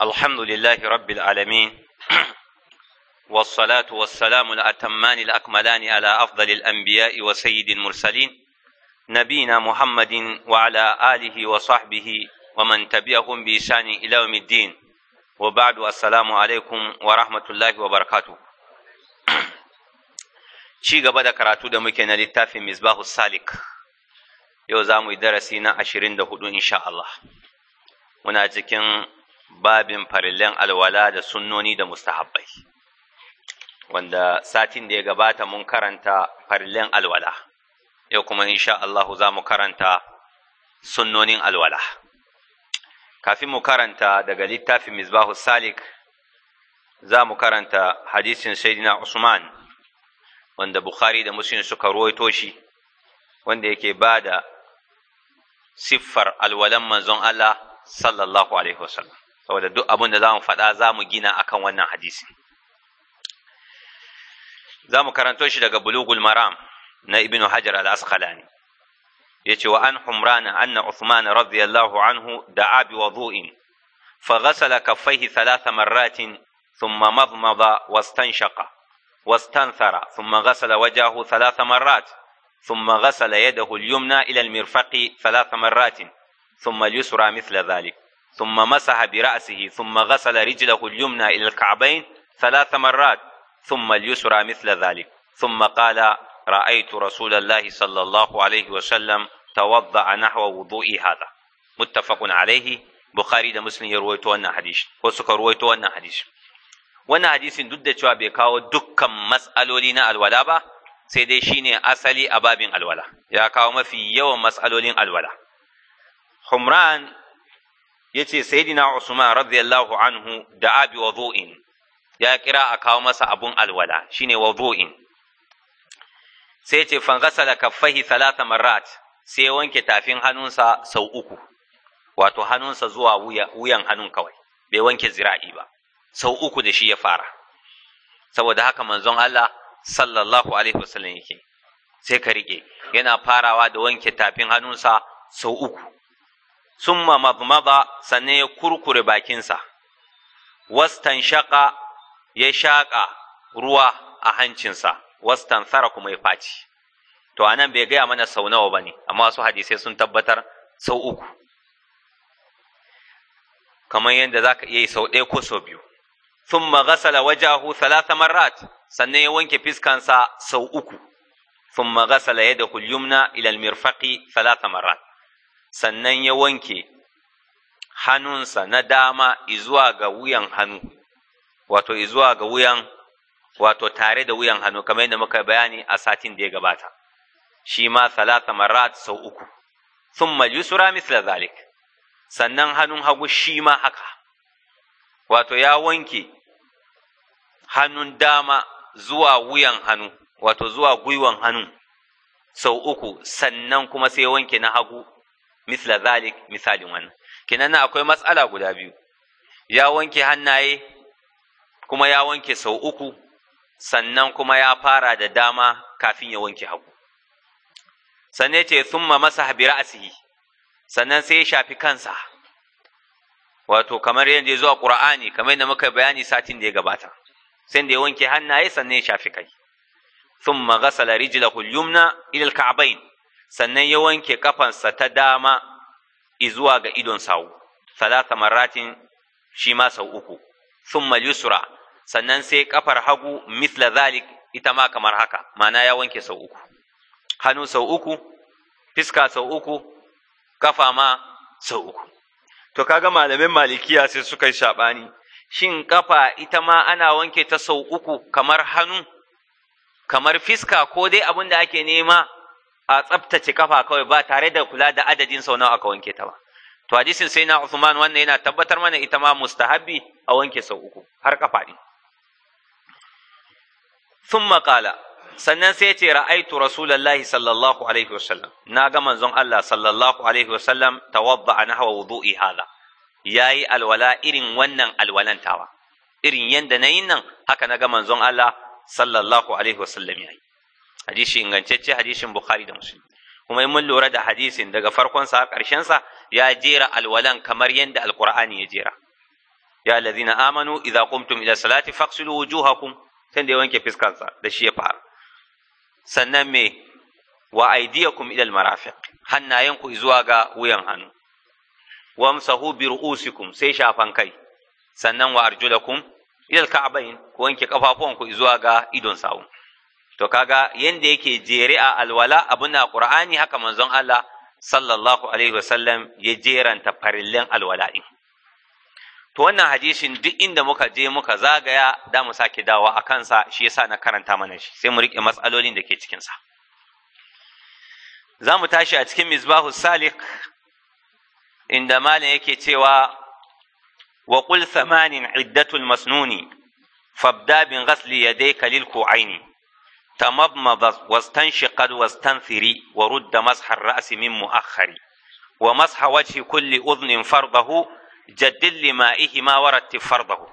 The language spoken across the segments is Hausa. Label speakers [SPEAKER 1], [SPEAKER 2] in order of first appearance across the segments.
[SPEAKER 1] الحمد لله رب العالمين والصلاة والسلام الأتمان الأكملان على أفضل الأنبياء وسيد المرسلين نبينا محمد وعلى آله وصحبه ومن تبعهم بإحسان إلى يوم الدين وبعد السلام عليكم ورحمة الله وبركاته شيء قبل كراتو karatu da muke na littafin misbahu salik yau za mu yi darasi na babin farilen alwala da sunnoni da mustahabbai wanda satin da ya gabata mun karanta farillan alwala yau kuma insha Allah za mu karanta sunnonin alwala kafin mu karanta daga littafin misbahu salik za mu karanta hadisin sayyidina usman wanda bukhari da muslim suka ruwaito shi wanda yake ba da siffar alwalan manzon Allah sallallahu alaihi wasallam saboda duk abin da za mu faɗa za mu gina akan wannan hadisi za mu karanto shi daga bulugul maram na ibn hajar al-asqalani yace wa an humrana anna uthman radiyallahu anhu da'a bi wudu'in فغسل كفيه ثلاث مرات ثم مضمض واستنشق واستنثر ثم غسل وجهه ثلاث مرات ثم غسل يده اليمنى إلى المرفق ثلاث مرات ثم اليسرى مثل ذلك ثم مسح برأسه ثم غسل رجله اليمنى إلى الكعبين ثلاث مرات ثم اليسرى مثل ذلك ثم قال رأيت رسول الله صلى الله عليه وسلم توضع نحو وضوء هذا متفق عليه بخاري ده مسلم يروي توانا حديث وسك روي توانا حديث وانا حديث دد چوا كاو دك مسألولين الولا با سيدي شيني أبابين الولا يا كاو ما في يوم مسألولين الولا حمران yace sayyidina Usman radiyallahu anhu da abi wudu'in ya kira a kawo masa abun alwala shine wudu'in sai yace fanghasala kaffahi thalatha marrat sai wanke tafin hannunsa sau uku wato hannunsa zuwa wuyan hannun kawai bai wanke zira'i ba sau uku da shi ya fara saboda haka manzon Allah sallallahu alaihi wasallam yake sai ka rike yana farawa da wanke tafin hannunsa sau uku summa mabmada sannan ya kurkure bakinsa wastan shaƙa ya shaƙa ruwa a hancinsa wastan tsara kuma ya faci to anan bai gaya mana sau nawa ba ne amma wasu hadisai sun tabbatar sau uku kamar yadda za ka iya yi sau ɗaya ko sau biyu Sun magasala wajahu ثلاث marat sannan ya wanke fiskansa sau uku ثم ya da اليمنى na المرفق salasa marat. sannan ya wanke hannunsa na dama izuwa ga wuyan hannu wato izuwa ga wuyan wato tare da wuyan hannu kamar yadda muka bayani a satin da ya gabata shi ma salata marat sau uku sun yusra misla zalik sannan hannun hagu shi ma haka wato ya wanke hannun dama zuwa wuyan hannu wato zuwa gwiwan hannu sau uku sannan kuma sai wanke na hagu misla zalik misalin wannan kenan nan akwai matsala guda biyu ya wanke hannaye kuma ya wanke sau uku sannan kuma ya fara da dama kafin ya wanke hagu sannan ce summa masa bi ra'sihi sannan sai ya shafi kansa wato kamar yadda ya zuwa qur'ani kamar yadda muka bayani satin da ya gabata sai da ya wanke hannaye sannan ya shafi kai summa ghasala rijlahu al-yumna ila al-ka'bayn sannan ya wanke kafansa ta dama izuwa ga idon sawu salasa maratin shi ma sau uku thumma yusra sannan sai kafar hagu misla zalik ita ma kamar haka mana ya wanke sau uku hannu sau uku fiska sau uku kafa ma sau uku to kaga malamin malikiya sai suka yi shabani. shin kafa ita ma ana wanke ta sau uku kamar hannu kamar fiska ko dai abin da ake nema a tsaftace kafa kawai ba tare da kula da adadin sau nawa aka wanke ta ba to hadisin sai na Usman wannan yana tabbatar mana ita ma mustahabbi a wanke sau uku har kafa din thumma qala sannan sai ce ra'aitu rasulullahi sallallahu alaihi wasallam na ga manzon Allah sallallahu alaihi wasallam a nahawa wudu'i hadha yayi alwala irin wannan alwalantawa irin yanda nayin nan haka na ga manzon Allah sallallahu alaihi wasallam yayi hadisi ingantacce hadisin bukhari da muslim kuma in mun lura da hadisin daga farkon sa karshen sa ya jera alwalan kamar yanda alqur'ani ya jera ya allazina amanu idza qumtum ila salati faghsilu wujuhakum tunda ya wanke fiskan sa da shi ya fara sannan me wa aydiyakum ila almarafiq hannayenku zuwa ga wuyan hannu wamsahu bi ru'usikum sai shafan kai sannan wa arjulakum ila alka'bayn ku wanke kafafuwanku zuwa ga idon sawu to kaga yanda yake jere a alwala abu na ƙur'ani, haka manzon Allah sallallahu alaihi wasallam ya jeranta farillan alwala din to wannan hadisin duk inda muka je muka zagaya da mu sake dawa a kansa shi yasa na karanta mana shi sai mu rike matsalolin da ke cikin sa za mu tashi a cikin misbahu salik inda malin yake cewa wa qul thamanin iddatul masnuni fabda bin ghasli yadayka lil aini. تمضمض واستنشقت واستنثري ورد مسح الرأس من مؤخري ومسح وجه كل أذن فرضه جدد لمائهما ورتب فرضه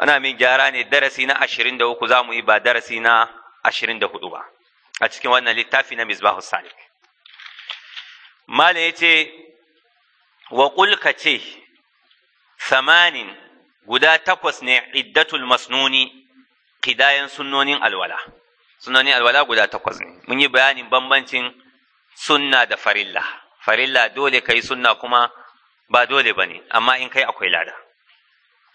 [SPEAKER 1] أنا من جاراني درسنا أشرين ده وكزامو إبا درسنا أشرين ده هدوبا أتسكي وانا لتافنا مزباه السالك ما ليتي وقل كتي ثمان قدا تقوس عدة المسنون kidayen sunnonin alwala sunnonin alwala guda takwas ne mun yi bayanin bambancin sunna da farilla farilla dole kai sunna kuma ba dole bane amma in kai akwai lada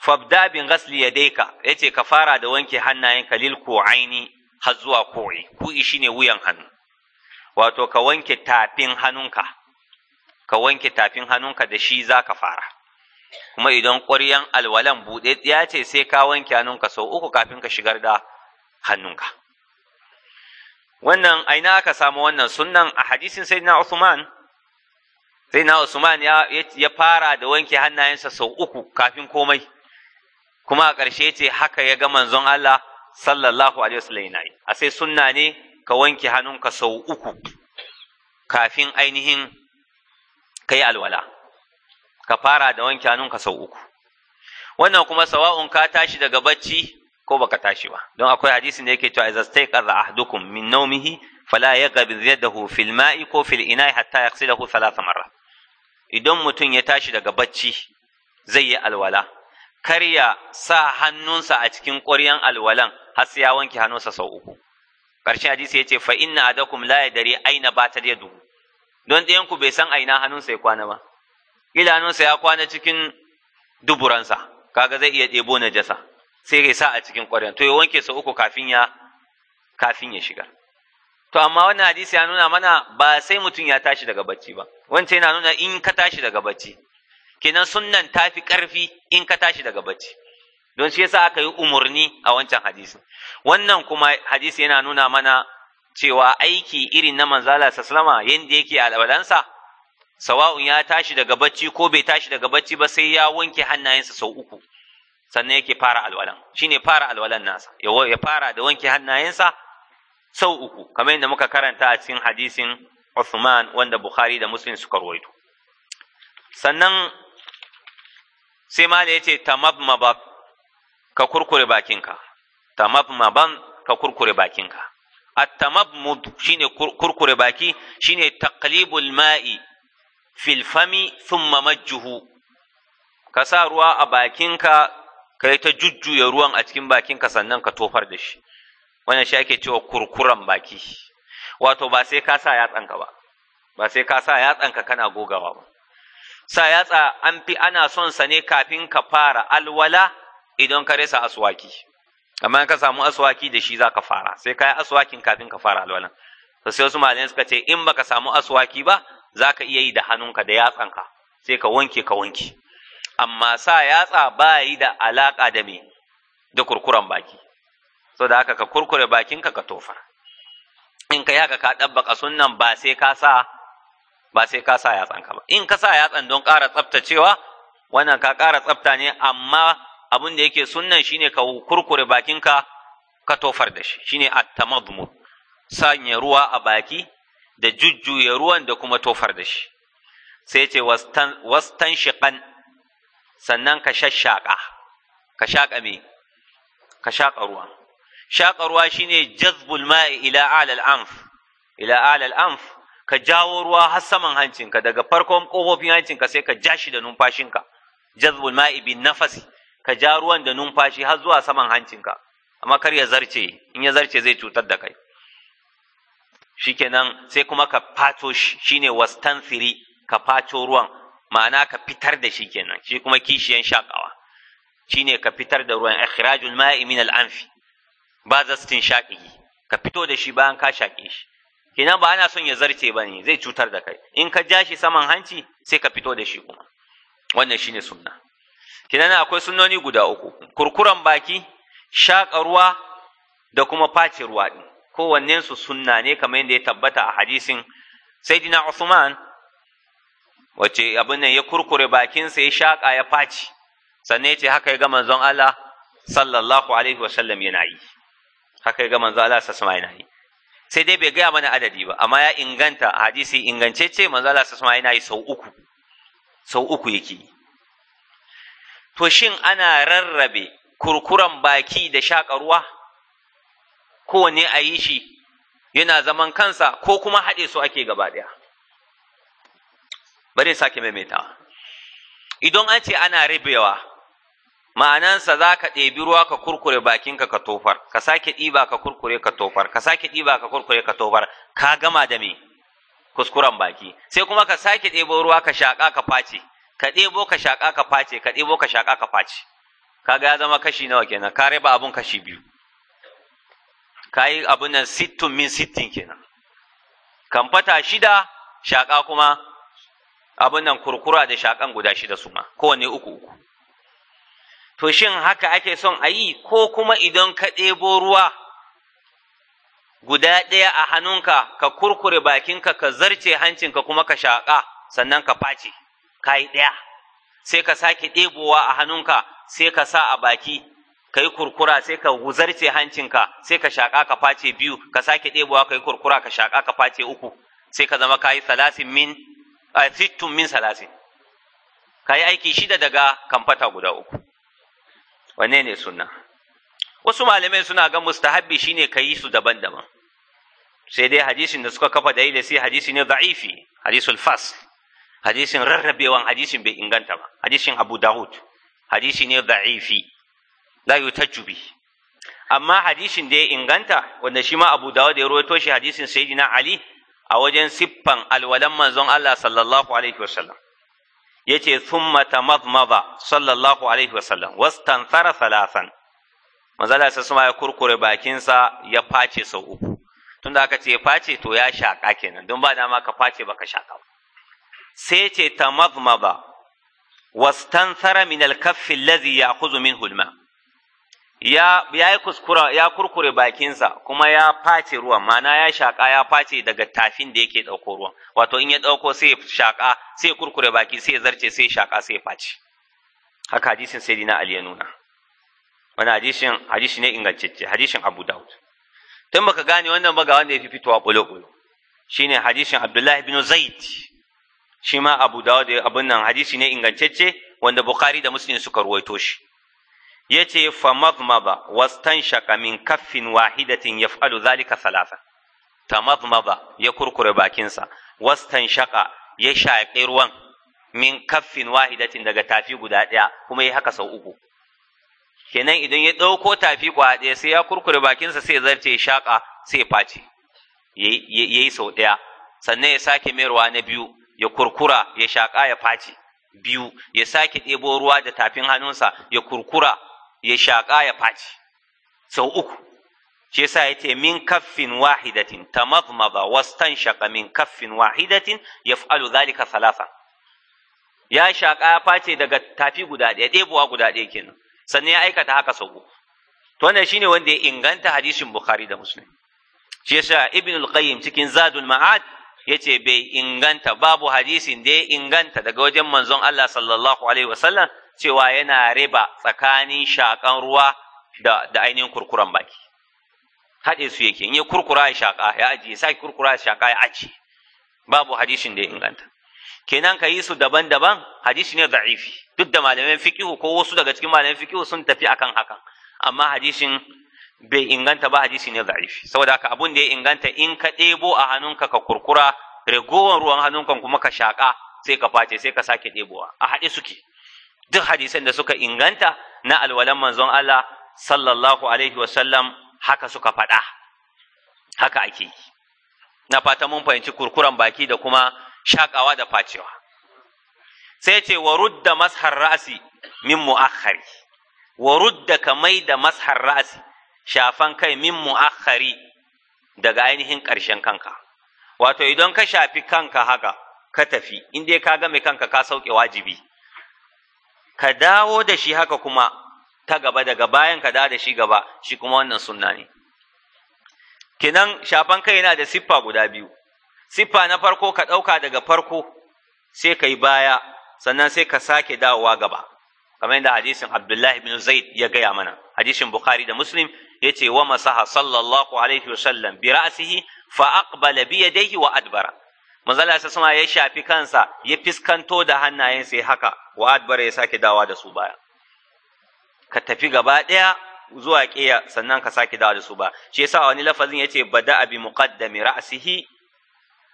[SPEAKER 1] fabda bin ghasli yadayka yace ka fara da wanke hannayenka lil ku'aini har zuwa ku'i ku'i shine wuyan hannu wato ka wanke tafin hannunka ka wanke tafin hannunka da shi zaka fara kuma idan ƙwaryan alwalan buɗe ya ce sai ka wanke hannunka sau uku kafin ka shigar da hannunka wannan aina aka samu wannan sunnan a hadisin na Usman na Usman ya fara da wanke hannayensa sau uku kafin komai kuma a ƙarshe ce haka ya ga manzon Allah sallallahu alaihi yana yi a sai sunna ne ka wanke hannunka sau uku kafin ainihin kai alwala ka fara da wanke hannunka sau uku wannan kuma sawa'un ka tashi daga bacci ko baka tashi ba don akwai hadisin da yake cewa idza stayqaza ahdukum min nawmihi fala yaqbid yadahu fil ma'i ko fil ina'i hatta yaghsilahu thalath marra idan mutum ya tashi daga bacci zai yi alwala kar ya sa hannunsa a cikin ƙwaryan alwalan har sai ya wanke hannunsa sau uku Karshen hadisi yace fa inna adakum la yadri aina batar yadu don ɗayan ku bai san aina hannunsa ya kwana ba Ilanunsa ya kwana cikin duburansa kaga zai iya ɗebo na jasa, sai ya sa a cikin ƙwarin to ya wanke sa uku kafin ya shiga to amma wannan hadisi ya nuna mana ba sai mutum ya tashi daga bacci ba wancan yana nuna in ka tashi daga bacci kenan sunnan ta fi ƙarfi in ka tashi daga bacci don shi yasa aka yi umarni a wancan hadisi wannan kuma hadisi yana nuna mana cewa aiki irin na manzala sallama yanda yake alwalansa sawa'un ya tashi daga bacci ko bai tashi daga bacci ba sai ya wanke hannayensa sau uku sannan yake fara alwalan shine fara alwalan nasa ya fara da wanke hannayensa sau uku kamar yadda muka karanta a cikin hadisin Uthman wanda Bukhari da Muslim suka rawaito sannan sai ma yace ce tamabmabab ka kurkure bakinka tamabmaban ka kurkure bakinka at-tamabmud shine kurkure baki shine taqlibul ma'i filfami thumma majjuhu ka sa ruwa a bakinka ka yi ta jujjuya ruwan a cikin bakinka sannan ka tofar da shi wannan shi ake cewa kurkuran baki wato ba sai ka sa yatsanka ba ba sai ka sa yatsanka kana gogawa ba sa yatsa an fi ana son sa ne kafin ka fara alwala idan ka resa aswaki amma ka samu aswaki da shi za ka fara sai ka yi aswakin kafin ka fara alwalan sai wasu malamai suka ce in baka samu aswaki ba za ka iya yi da hannunka da yatsanka sai ka wanke ka wanke amma sa yatsa ba yi da alaƙa da me da kurkuren baki so da haka ka kurkure bakinka ka tofar in ka yaka haka ka ɗabbaka sunnan ba sai ka sa ba sai ka sa yatsanka ba in ka sa yatsan don ƙara tsaftacewa wannan ka ƙara tsafta ne amma abin da yake shi shine ka kurkure bakinka ka tofar da shi shine at tamadmu sanya ruwa a baki da jujjuya ruwan da kuma tofar da shi sai ce wastan shiƙan sannan ka shashaƙa ka shaƙa me ka shaƙa ruwa shaƙa ruwa shine jazbul ma'i ila alal anf ila alal anf ka jawo ruwa har saman hancinka daga farkon ƙofofin hancinka sai ka ja shi da numfashinka jazbul ma'i bin nafasi ka ja ruwan da numfashi har zuwa saman hancinka amma kar ya zarce in ya zarce zai cutar da kai shikenan sai kuma ka fato shi shine wastanfiri ka fato ruwan ma'ana ka fitar da shi kenan shi kuma kishiyan shakawa shine ka fitar da ruwan ikhrajul ma'i min al-anfi ba zastin shaqihi ka fito da shi bayan ka shaƙe shi kenan ba ana son ya zarce ba ne zai cutar da kai in ka ja shi saman hanci sai ka fito da shi kuma wannan shine sunna kenan akwai sunnoni guda uku kurkuran baki shaƙa ruwa da kuma face ruwa ɗin. kowannensu sunna ne kamar yadda ya tabbata a hadisin saidina Usman wace abin nan ya kurkure bakinsa ya shaka ya faci sannan ya ce haka ya ga manzon Allah sallallahu alaihi wa sallam yana yi haka ya ga manzon Allah sallallahu alaihi yana yi sai dai bai gaya mana adadi ba amma ya inganta hadisi ingancece manzon Allah sallallahu alaihi yana yi sau uku sau uku yake to shin ana rarrabe kurkuran baki da shaka ruwa kowanne a yi shi yana zaman kansa ko kuma haɗe su ake gaba ɗaya bari sake maimaita idan an ce ana rabewa ma'anansa za ka ɗebi ruwa ka kurkure bakinka ka tofar ka sake ɗiba ka kurkure ka tofar ka sake ɗiba ka kurkure ka tofar ka gama da me kuskuren baki sai kuma ka sake ɗebo ruwa ka shaƙa ka face ka ɗebo ka shaƙa ka face ka ɗebo ka shaƙa ka face ga ya zama kashi nawa kenan ka raba abun kashi biyu kayi abin nan sittun min sittin kenan kamfata shida shaka kuma abin nan kurkura da shakan guda shida su ma kowanne uku uku to shin haka ake son a yi ko kuma idan ka ɗebo ruwa guda ɗaya a hannunka ka kurkure bakinka ka zarce hancinka kuma ka shaƙa sannan ka face kayi ɗaya sai ka sake ɗebowa a hannunka sai ka sa a baki ka yi kurkura sai ka guzarce hancinka sai ka shaƙa ka face biyu ka sake ɗebowa ka yi kurkura ka shaƙa ka face uku sai ka zama ka yi salasin min a eh, salasin ka yi aiki shida daga kamfata guda uku wanne ne sunna wasu malamai suna ga mustahabbi shine ka yi su daban-daban sai dai hadisin da suka kafa da sai hadisi ne da'ifi hadisul fas hadisin rarrabewan hadisin bai inganta ba hadisin abu da'ud hadisi ne da'ifi la tajjubi. amma hadisin da ya inganta wanda shi ma Abu dawo da ya rawaito shi hadisin na Ali a wajen siffan alwalan manzon Allah sallallahu alaihi wasallam yace thumma tamadmada sallallahu alaihi wasallam wastanthara thalathan manzala sai suma ya kurkure bakinsa ya face sau uku tunda aka ce ya face to ya shaƙa kenan don ba dama ka face baka shaka ba sai ce tamadmada wastanthara min alkaffi alladhi ya'khudhu min alma' ya yi kuskura ya kurkure bakinsa kuma ya face ruwan Ma'ana ya shaka ya face daga tafin da yake ɗauko ruwan wato in ya ɗauko sai shaka sai kurkure baki sai zarce sai shaka sai face haka hadisin sai dina ali ya nuna wani hadisin hadisi ne ingantacce hadisin abu daud tun baka gane wannan ba ga wanda ya fi fitowa bulo-bulo shine hadisin abdullahi bin zaid shi ma abu daud abun nan hadisi ne ingantacce wanda bukhari da muslim suka ruwaito shi ya ce famadmada wastan shaka min kaffin wahidatin ya falu zalika salasa Ta tamadmada ya kurkure bakinsa wastan shaka ya shaƙi ruwan min kaffin wahidatin daga tafi guda ɗaya kuma ya haka sau uku kenan idan ya ɗauko tafi kwa ɗaya sai ya kurkure bakinsa sai zarce shaƙa sai ya face ya yi sau ɗaya sannan ya sake mayarwa na biyu ya kurkura ya shaƙa ya face biyu ya sake ɗebo ruwa da tafin hannunsa ya kurkura ya shaƙa ya faci sau uku shi yasa ya ce min kaffin wahidatin tamadmada wastanshaqa min kaffin wahidatin yaf'alu zalika thalatha ya shaƙa ya face daga tafi guda ɗaya ɗebuwa guda ɗaya kenan sannan ya aikata haka sau uku to wannan shine wanda ya inganta hadisin bukhari da muslim shi yasa ibn al-qayyim cikin zadul ma'ad yace bai inganta babu hadisin da ya inganta daga wajen manzon Allah sallallahu alaihi wasallam cewa yana riba tsakanin shakan ruwa da, da ainihin kurkuran baki haɗe su yake in ya kurkura ya shaka ya ya sake kurkura ya shaka ya ajiye babu hadisin da ya inganta kenan ka yi su daban-daban hadisi ne da'ifi duk da malamin fiqihu ko wasu daga cikin malamin fiqihu sun tafi akan hakan amma hadisin bai inganta ba hadisi ne da'ifi saboda haka abun da ya inganta in ka ɗebo a hannunka ka kurkura ragowar ruwan hannunka kuma ka shaƙa sai ka face sai ka sake ɗebowa a haɗe suke duk hadisan da suka inganta na alwalan manzon Allah sallallahu alaihi wasallam haka suka faɗa haka ake yi na fata mun fahimci kurkuren baki da kuma shakawa da facewa sai ce wa rudda mashar ra'asi min mu'akhari wa rudda mai da mashar ra'asi shafan kai min mu'akhari daga ainihin ƙarshen kanka wato idan ka shafi kanka haka ka tafi inda ka ga mai kanka ka sauke wajibi ka dawo da shi haka kuma ta gaba daga bayan ka dawo da shi gaba shi kuma wannan sunna ne kinan shafan kai yana da siffa guda biyu siffa na farko ka ɗauka daga farko sai ka yi baya sannan sai ka sake dawowa gaba kamar yadda hadisin abdullahi bin zaid ya gaya mana hadisin bukhari da muslim ya ce wa masaha sallallahu alaihi wa sallam bi ra'sihi fa aqbala bi yadayhi wa adbara manzala sa sama ya shafi kansa ya fiskanto da hannayensa ya haka wa adbar ya sake dawa da su baya ka tafi gaba zuwa ƙiya sannan ka sake dawa da su ba shi yasa wani lafazin yace bada'a bi muqaddami ra'sihi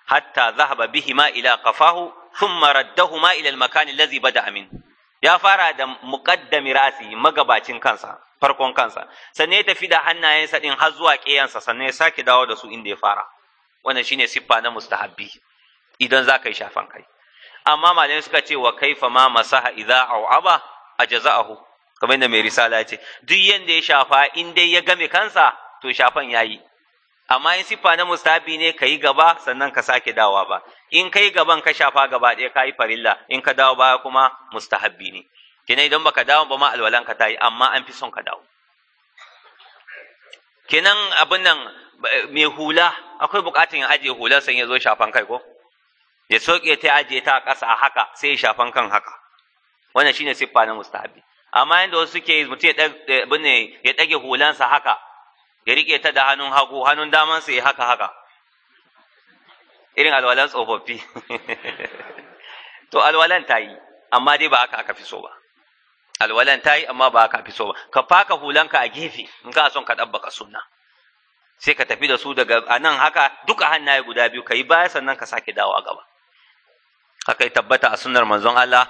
[SPEAKER 1] hatta zahaba ma ila qafahu thumma raddahuma ila al-makan allazi bada min ya fara da muqaddami ra'sihi magabacin kansa farkon kansa sannan ya tafi da hannayensa din har zuwa ƙiyansa sannan ya sake dawo da su inda ya fara wannan shine siffa na mustahabbi idan za ka yi shafan kai amma malamai suka ce wa kaifa ma masaha idza au'aba ajza'ahu kamar yadda mai risala ya ce duk yadda ya shafa in dai ya game kansa to shafan ya yi. amma in siffa na mustahabi ne ka yi gaba sannan ka sake dawa ba in ka yi gaban ka shafa gaba ɗaya ka yi farilla in ka dawo baya kuma mustahabbi ne kenan idan baka dawo ba ma alwalan ka tayi amma an fi son ka dawo kenan abin nan eh, mai hula akwai bukatun ya ajiye hular san ya zo shafan kai ko ya soke ta aje ta ƙasa a haka sai ya shafan kan haka wannan shine siffa na mustahabi amma yanda wasu suke mutum ya binne ya ɗage hulansa haka ya riƙe ta da hannun hagu hannun sa ya haka haka irin alwalan tsofaffi to alwalan ta yi amma dai ba haka aka fi so ba alwalan ta yi amma ba haka fi so ba ka faka hulanka a gefe in ka son ka dabbaka sunna sai ka tafi da su daga a nan haka duka hannaye guda biyu ka yi baya sannan ka sake dawo a gaba haka ya tabbata a sunnar manzon Allah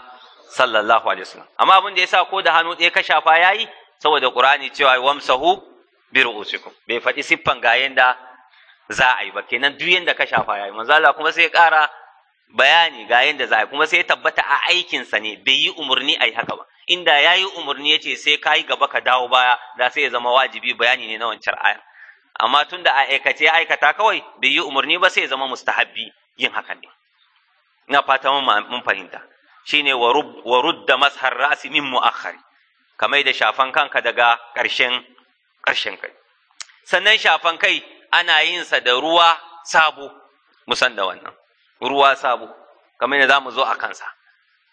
[SPEAKER 1] sallallahu alaihi wasallam amma abin da yasa ko da hannu ɗaya ka shafa yayi saboda qur'ani cewa wamsahu bi ru'usikum bai faɗi siffan ga yanda za a yi ba kenan duk yanda ka shafa yayi manzo Allah kuma sai ya ƙara bayani ga yanda za a yi kuma sai ya tabbata a aikin sa ne bai yi umurni ai haka ba inda yayi umurni yace sai kai gaba ka dawo baya da sai ya zama wajibi bayani ne na wancan aya amma tunda a aikace aikata kawai bai yi umurni ba sai ya zama mustahabbi yin hakan ne ina fata mun fahimta shine wa rudda mashar ra'si min mu'akhari kamar da shafan kanka daga ƙarshen ƙarshen kai sannan shafan kai ana yin sa da ruwa sabo musan da wannan ruwa sabo kamar da zamu zo a kansa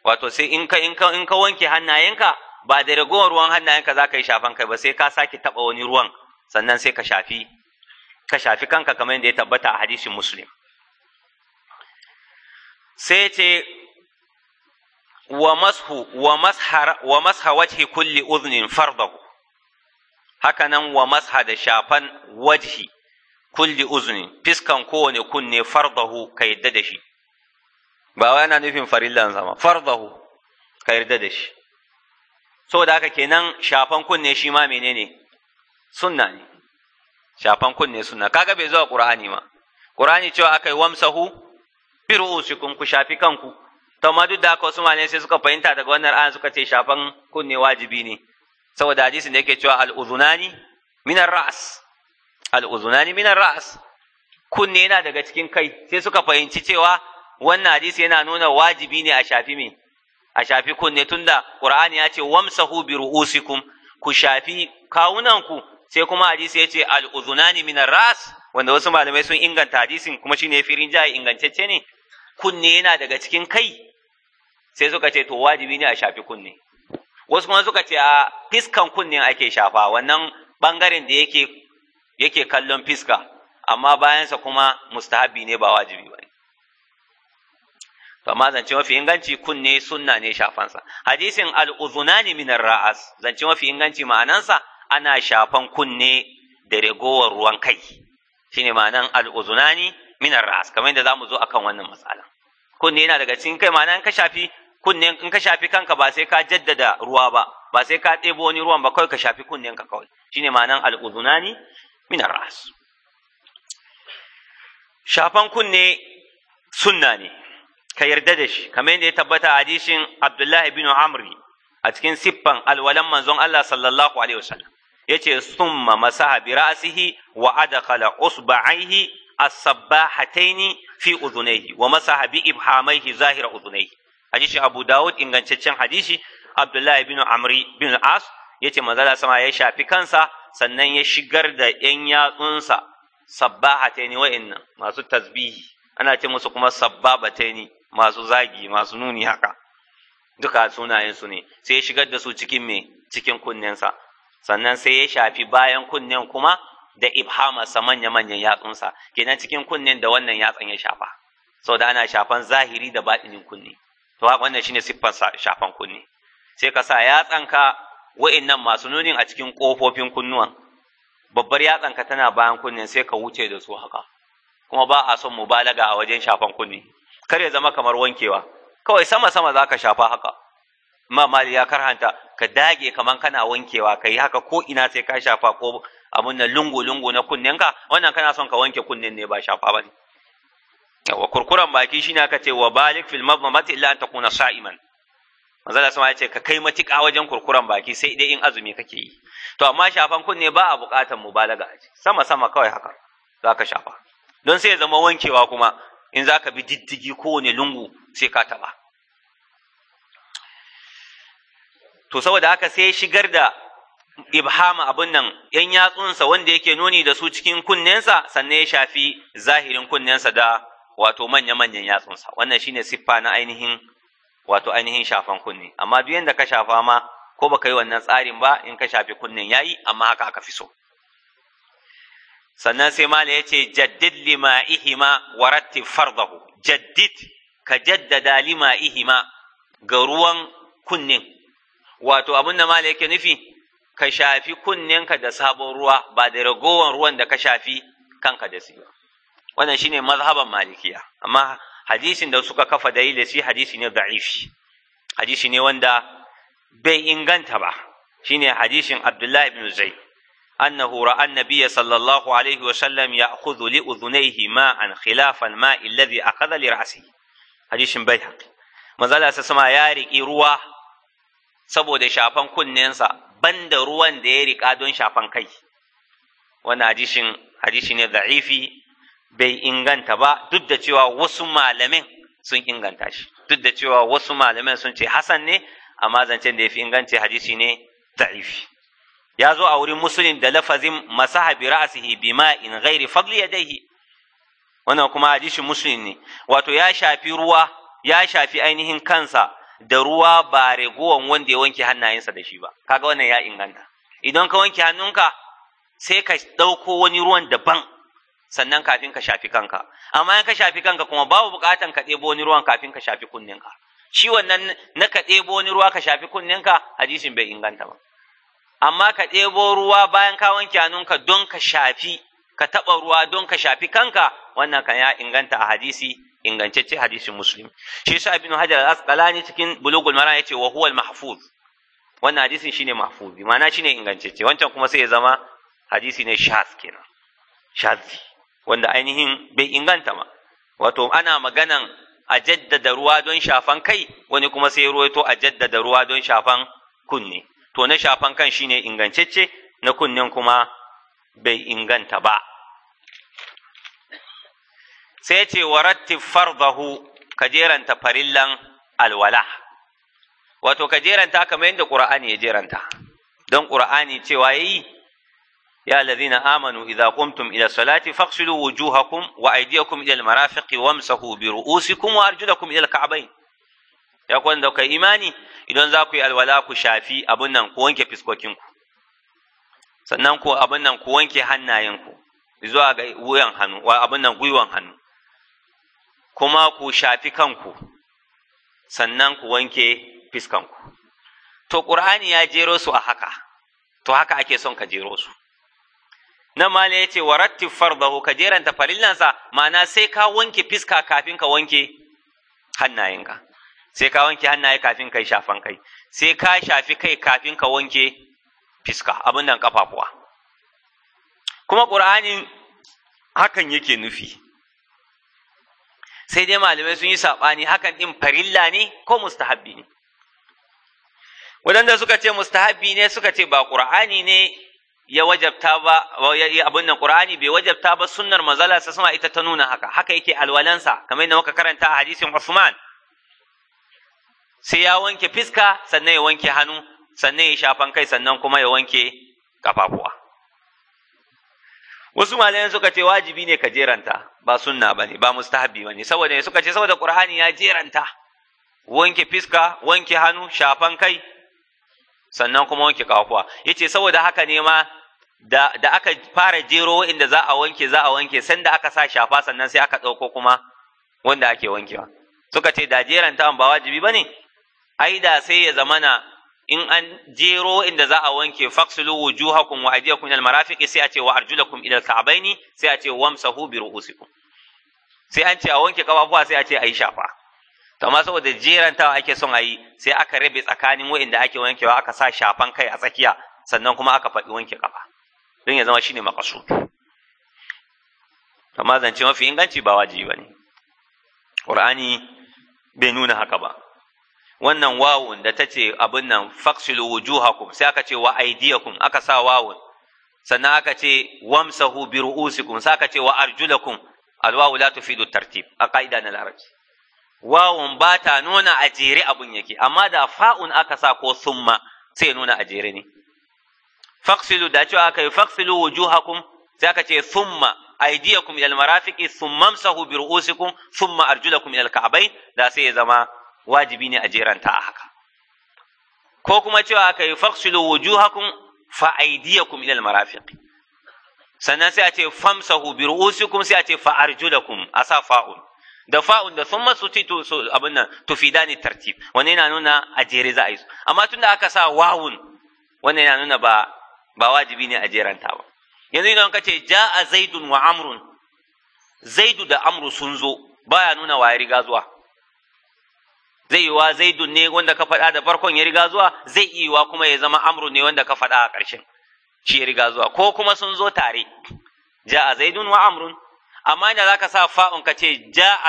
[SPEAKER 1] wato sai in ka in ka in ka wanke hannayenka ba da ragowar ruwan hannayenka za ka yi shafan kai ba sai ka sake taɓa wani ruwan sannan sai ka shafi ka shafi kanka kamar yadda ya tabbata a hadisin muslim sai ce wa mashu wa masha wajhi kulli uznin fardahu haka nan wa masha da shafan wajhi kulli uznin, fiskan kowane kunne fardahu ka yadda da shi ba wai yana nufin farillan zama fardahu ka yarda da shi saboda haka kenan shafan kunne shi ma menene sunna ne shafan kunne sunna kaga bai zuwa qur'ani ma qur'ani cewa akai wamsahu bi ru'usikum ku shafi kanku to ma duk da haka wasu malamai sai suka fahimta daga wannan ayan suka ce shafan kunne wajibi ne saboda hadisin da yake cewa al-uzunani min ar-ra's al-uzunani min ar-ra's kunne yana daga cikin kai sai suka fahimci cewa wannan hadisi yana nuna wajibi ne a shafi me a shafi kunne tunda qur'ani ya ce wamsahu bi ru'usikum ku shafi kawunanku sai kuma hadisi ya ce al-uzunani min ar-ra's wanda wasu malamai sun inganta hadisin kuma shine firin jahi ingantacce ne kunne yana daga cikin kai sai suka ce to wajibi ne a shafi kunne wasu kuma suka ce a fiskan kunne ake shafa wannan bangaren da yake yake kallon fiska amma bayansa kuma mustahabi ne ba wajibi ba to amma zance mafi inganci kunne sunna ne shafansa hadisin al-uzunani min ar-ra'as zance mafi inganci ma'anansa ana shafan kunne da ragowar ruwan kai shine ma'anan al-uzunani minar ra'as kamar yadda zamu zo akan wannan matsala kunne yana daga cikin kai ma'ana in ka shafi kunne in ka shafi kanka ba sai ka jaddada ruwa ba ba sai ka tsebo wani ruwan ba kawai ka shafi kunnenka kawai shine ma'anan al'udunani minar ra'as shafan kunne sunna ne ka yarda da shi kamar yadda ya tabbata hadisin Abdullahi bin Amri a cikin siffan alwalan manzon Allah sallallahu alaihi wasallam yace summa masaha bi ra'sihi wa adkhala usba'aihi as-sabbahataini fi udhunayhi wa masaha bi ibhamaihi zahira udhunayhi hadisi Abu Dawud ingantaccen hadisi Abdullahi bin Amri bin As yace manzala sama ya shafi kansa sannan ya shigar da yan yatsunsa sabbahataini wa'annan masu tasbihi ana ce musu kuma sabbabataini masu zagi masu nuni haka duka sunayensu ne sai ya shigar da su cikin me cikin kunnensa sannan sai ya shafi bayan kunnen kuma da ibhamarsa manya-manyan yatsunsa kenan cikin kunnen da wannan yatsan ya shafa sau da ana shafan zahiri da baɗinin kunni. to wannan shine siffar shafan kunni. sai ka sa yatsanka wa'innan masu nunin a cikin ƙofofin kunnuwan babbar yatsanka tana bayan kunnen sai ka wuce da su haka kuma ba a son mubalaga a wajen shafan kunni. kar ya zama kamar wankewa kawai sama-sama za ka shafa haka ma ya karhanta ka dage kamar kana wankewa ka yi haka ko ina sai ka shafa ko abun nan lungu-lungu na kunnen ka, wannan kana son ka wanke kunnen ne ba shafa ba ne wa kurkuran baki shine aka ce wa balik fil mabmamati illa an takuna sa'iman manzo Allah ya ce ka kai matuka wajen kurkuran baki sai dai in azumi kake yi to amma shafan kunne ba a buƙatar mubalaga a ciki sama sama kawai haka za ka shafa don sai ya zama wankewa kuma in za ka bi diddigi kowane lungu sai ka taɓa to saboda haka sai shigar da ibhama abun nan yan yatsunsa wanda yake nuni da su cikin kunnensa sannan ya shafi zahirin kunnensa da wato manya-manyan yatsunsa wannan shine siffa na ainihin wato ainihin shafan kunne amma duk yanda ka shafa ma ko baka yi wannan tsarin ba in ka shafi kunnen yayi amma haka aka fi so sannan sai mala ya ce jaddid lima ihima wa fardahu jaddid ka jaddada lima ihima ga ruwan kunnen wato abun da mala yake nufi ka shafi kunninka da sabon ruwa ba da ragowar ruwan da ka shafi kanka da su wannan shine mazhaban malikiya amma hadisin da suka kafa dalili shi hadisi ne da'ifi hadisi ne wanda bai inganta ba shine hadisin Abdullahi ibn Zaid annahu ra'a annabiyya sallallahu alaihi wa sallam ya'khudhu li udhunayhi ma'an khilafan ma'i alladhi akhadha li ra'sihi hadisin Baihaqi manzala sa sama ya riki ruwa saboda shafan kunnensa da ruwan da ya riƙa don shafan kai wani hadishin hadishi ne da'ifi bai inganta ba duk da cewa wasu malamin sun inganta shi duk da cewa wasu malamin sun ce hasan ne amma zancen da ya fi inganci hadishi ne da'ifi ya zo a wurin musulun da lafazin masaha bi ra'asihi ma in ghairi fadli yadayhi wannan kuma hadishin musulun ne wato ya shafi ruwa ya shafi ainihin kansa da ruwa ba ragowan wanda ya wanke hannayensa da shi ba kaga wannan ya inganta idan ka wanke hannunka sai ka ɗauko wani ruwan daban sannan kafin ka shafi kanka amma in ka shafi kanka kuma babu buƙatan ka ɗebo wani ruwan kafin ka shafi kunninka shi wannan na ka ɗebo wani ruwa ka shafi kunninka hadisin bai inganta ba amma ka ɗebo ruwa bayan ka wanke hannunka don ka shafi ka taɓa ruwa don ka shafi kanka wannan kan ya inganta a hadisi ingantacce hadisin muslim shi yasa ibn hajar al-asqalani cikin bulugul mara yace wa huwa al-mahfuz wannan hadisin shine mahfuz bi ma'ana shine ingantacce wancan kuma sai ya zama hadisi ne shaz kenan shazi wanda ainihin bai inganta ma wato ana maganan a jaddada ruwa don shafan kai wani kuma sai ruwaito a jaddada ruwa don shafan kunne to na shafan kan shine ingantacce na kunnen kuma bai inganta ba sai ce wa rattib fardahu ka jeranta farillan alwala wato ka jeranta kamar yadda qur'ani ya jeranta don qur'ani cewa yayi ya allazina amanu idza qumtum ila salati faghsilu wujuhakum wa aydiyakum ila almarafiqi wamsahu bi ru'usikum wa arjulakum ila alka'bayn ya kwan da kai imani idan za ku yi alwala ku shafi abun nan ku wanke fiskokinku sannan ku abun nan ku wanke hannayenku zuwa ga wuyan hannu wa abun nan gwiwan hannu kuma ku shafi kanku sannan ku wanke fiskanku to ƙur'ani ya jero su a haka to haka ake son ka jero su nan ma ne yace warattif fardahu ka jeranta farillansa ma'ana sai ka wanke fiska kafin ka wanke hannayenka sai ka wanke hannaye kafin kai shafan kai sai ka shafi kai kafin ka wanke fiska abin nan kafafuwa kuma ƙur'anin hakan yake nufi sai dai malamai sun yi saɓani hakan ɗin farilla ne ko mustahabbi ne waɗanda suka ce mustahabbi ne suka ce ba ƙur'ani ne ya wajabta ba abin nan ƙur'ani bai wajabta ba sunnar mazala sa sama ita ta nuna haka haka yake alwalansa kamar yadda muka karanta a hadisin Usman sai ya wanke fiska sannan ya wanke hannu sannan ya shafan kai sannan kuma ya wanke kafafuwa wasu malayan suka ce wajibi ne ka jeranta ba sunna ba ne, ba mustahabi ne. saboda ne suka ce saboda ƙur'ani ya jeranta wanke fiska wanke hannu shafan kai sannan kuma wanke kafuwa ce saboda haka ne ma da da aka fara jero inda za a wanke za a wanke sanda aka sa shafa sannan sai aka ɗauko kuma wanda ake wankewa suka ce da jeranta ba wajibi ba ne? ai da sai ya zamana in an jero inda za a wanke faksulu wujuhakum wa aydiyakum ila almarafiqi sai a ce wa arjulakum ila alka'baini sai a ce wamsahu bi ru'usikum sai an ce a wanke kafafuwa sai a ce a yi shafa to amma saboda jerantawa ake son a yi sai aka rabe tsakanin wa'inda ake wankewa aka sa shafan kai a tsakiya sannan kuma aka faɗi wanke kafa don ya zama shine makasudu amma zance mafi inganci ba wajibi bane qur'ani bai nuna haka ba wannan wawun da tace abin nan faksilu wujuhakum sai aka ce wa aydiyakum aka sa wawun sannan aka ce wamsahu bi ru'usikum sai aka ce wa arjulakum alwawu la tufidu tartib a ka'ida na larabci wawun ba ta nuna a jere abun yake amma da fa'un aka sa ko summa sai nuna a jere ne faqsilu da cewa aka yi faqsilu wujuhakum sai aka ce summa aydiyakum ila almarafiqi thumma amsahu bi ru'usikum thumma arjulakum ila alka'bayn da sai ya zama wajibi ne a jeranta a haka ko kuma cewa aka yi faqsilu wujuhakum fa aydiyakum ila almarafiqi sannan sai a ce famsahu bi ru'usikum sai a ce fa arjulakum asa fa'un da fa'un da sun masu ti abin nan tufidani tartib wani yana nuna a jere za a yi su amma tunda aka sa wawun wani yana nuna ba ba wajibi ne a jeranta ba yanzu idan ka ce ja'a zaidun wa amrun zaidu da amru sun zo baya nuna wa ya riga zuwa zai yiwa zaidun ne wanda ka faɗa da farkon ya riga zuwa zai wa kuma ya zama amru ne wanda ka faɗa a ƙarshen shi ya riga zuwa ko kuma sun zo tare Ja a zaidun wa amrun amma za ka sa fa'un ka ce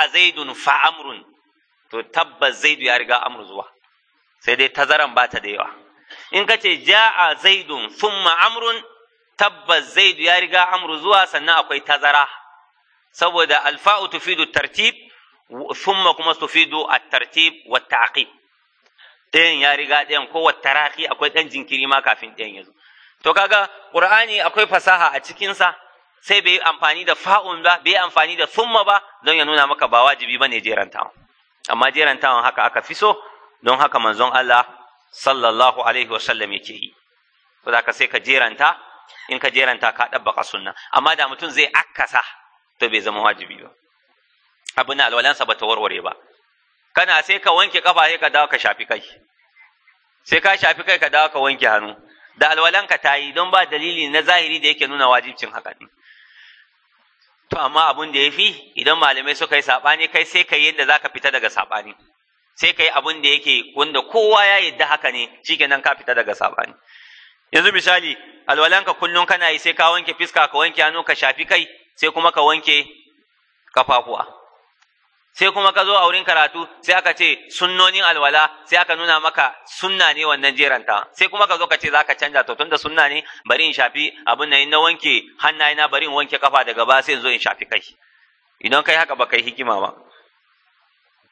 [SPEAKER 1] a zaidun fa'amrun. to tabbas zaidu ya riga amru zuwa sai dai tazaran ba ta da yawa in ka ce ja a zaidun thumma amrun tabbas zaidu ya riga amru zuwa sannan akwai tazara saboda alfa'u tufidu tartib thumma kuma tufidu at-tartib wa aƙi. ɗayan ya riga ɗayan ko wa taraki akwai ɗan jinkiri ma kafin ɗayan ya zo to kaga qur'ani akwai fasaha a cikin sa sai bai amfani da fa'un ba bai amfani da summa ba don ya nuna maka ba wajibi bane jerantawa. amma jerantawan haka aka fi so don haka manzon Allah sallallahu alaihi wasallam yake yi to zaka sai ka jeranta in ka jeranta ka dabbaka sunna amma da mutum zai akkasa to bai zama wajibi ba abin alwalan alwalansa ba ta warware ba kana sai ka wanke kafa sai ka dawo ka shafi kai sai ka shafi kai ka dawo ka wanke hannu da alwalanka ta yi don ba dalili na zahiri da yake nuna wajibcin haka ne to amma abun da ya fi idan malamai suka yi saɓani kai sai ka yi yadda za ka fita daga saɓani sai ka yi abun da yake wanda kowa ya yadda haka ne nan ka fita daga saɓani yanzu misali alwalanka kullum kana yi sai ka wanke fiska ka wanke hannu ka shafi kai sai kuma ka wanke kafafuwa sai kuma ka zo a wurin karatu sai aka ce sunnonin alwala sai aka nuna maka sunna ne wannan jeranta sai kuma ka zo ka ce za ka canja to tunda sunna ne bari in shafi abin nan na wanke hannaye na bari in wanke kafa daga ba sai in zo in shafi kai idan kai haka ba kai hikima ba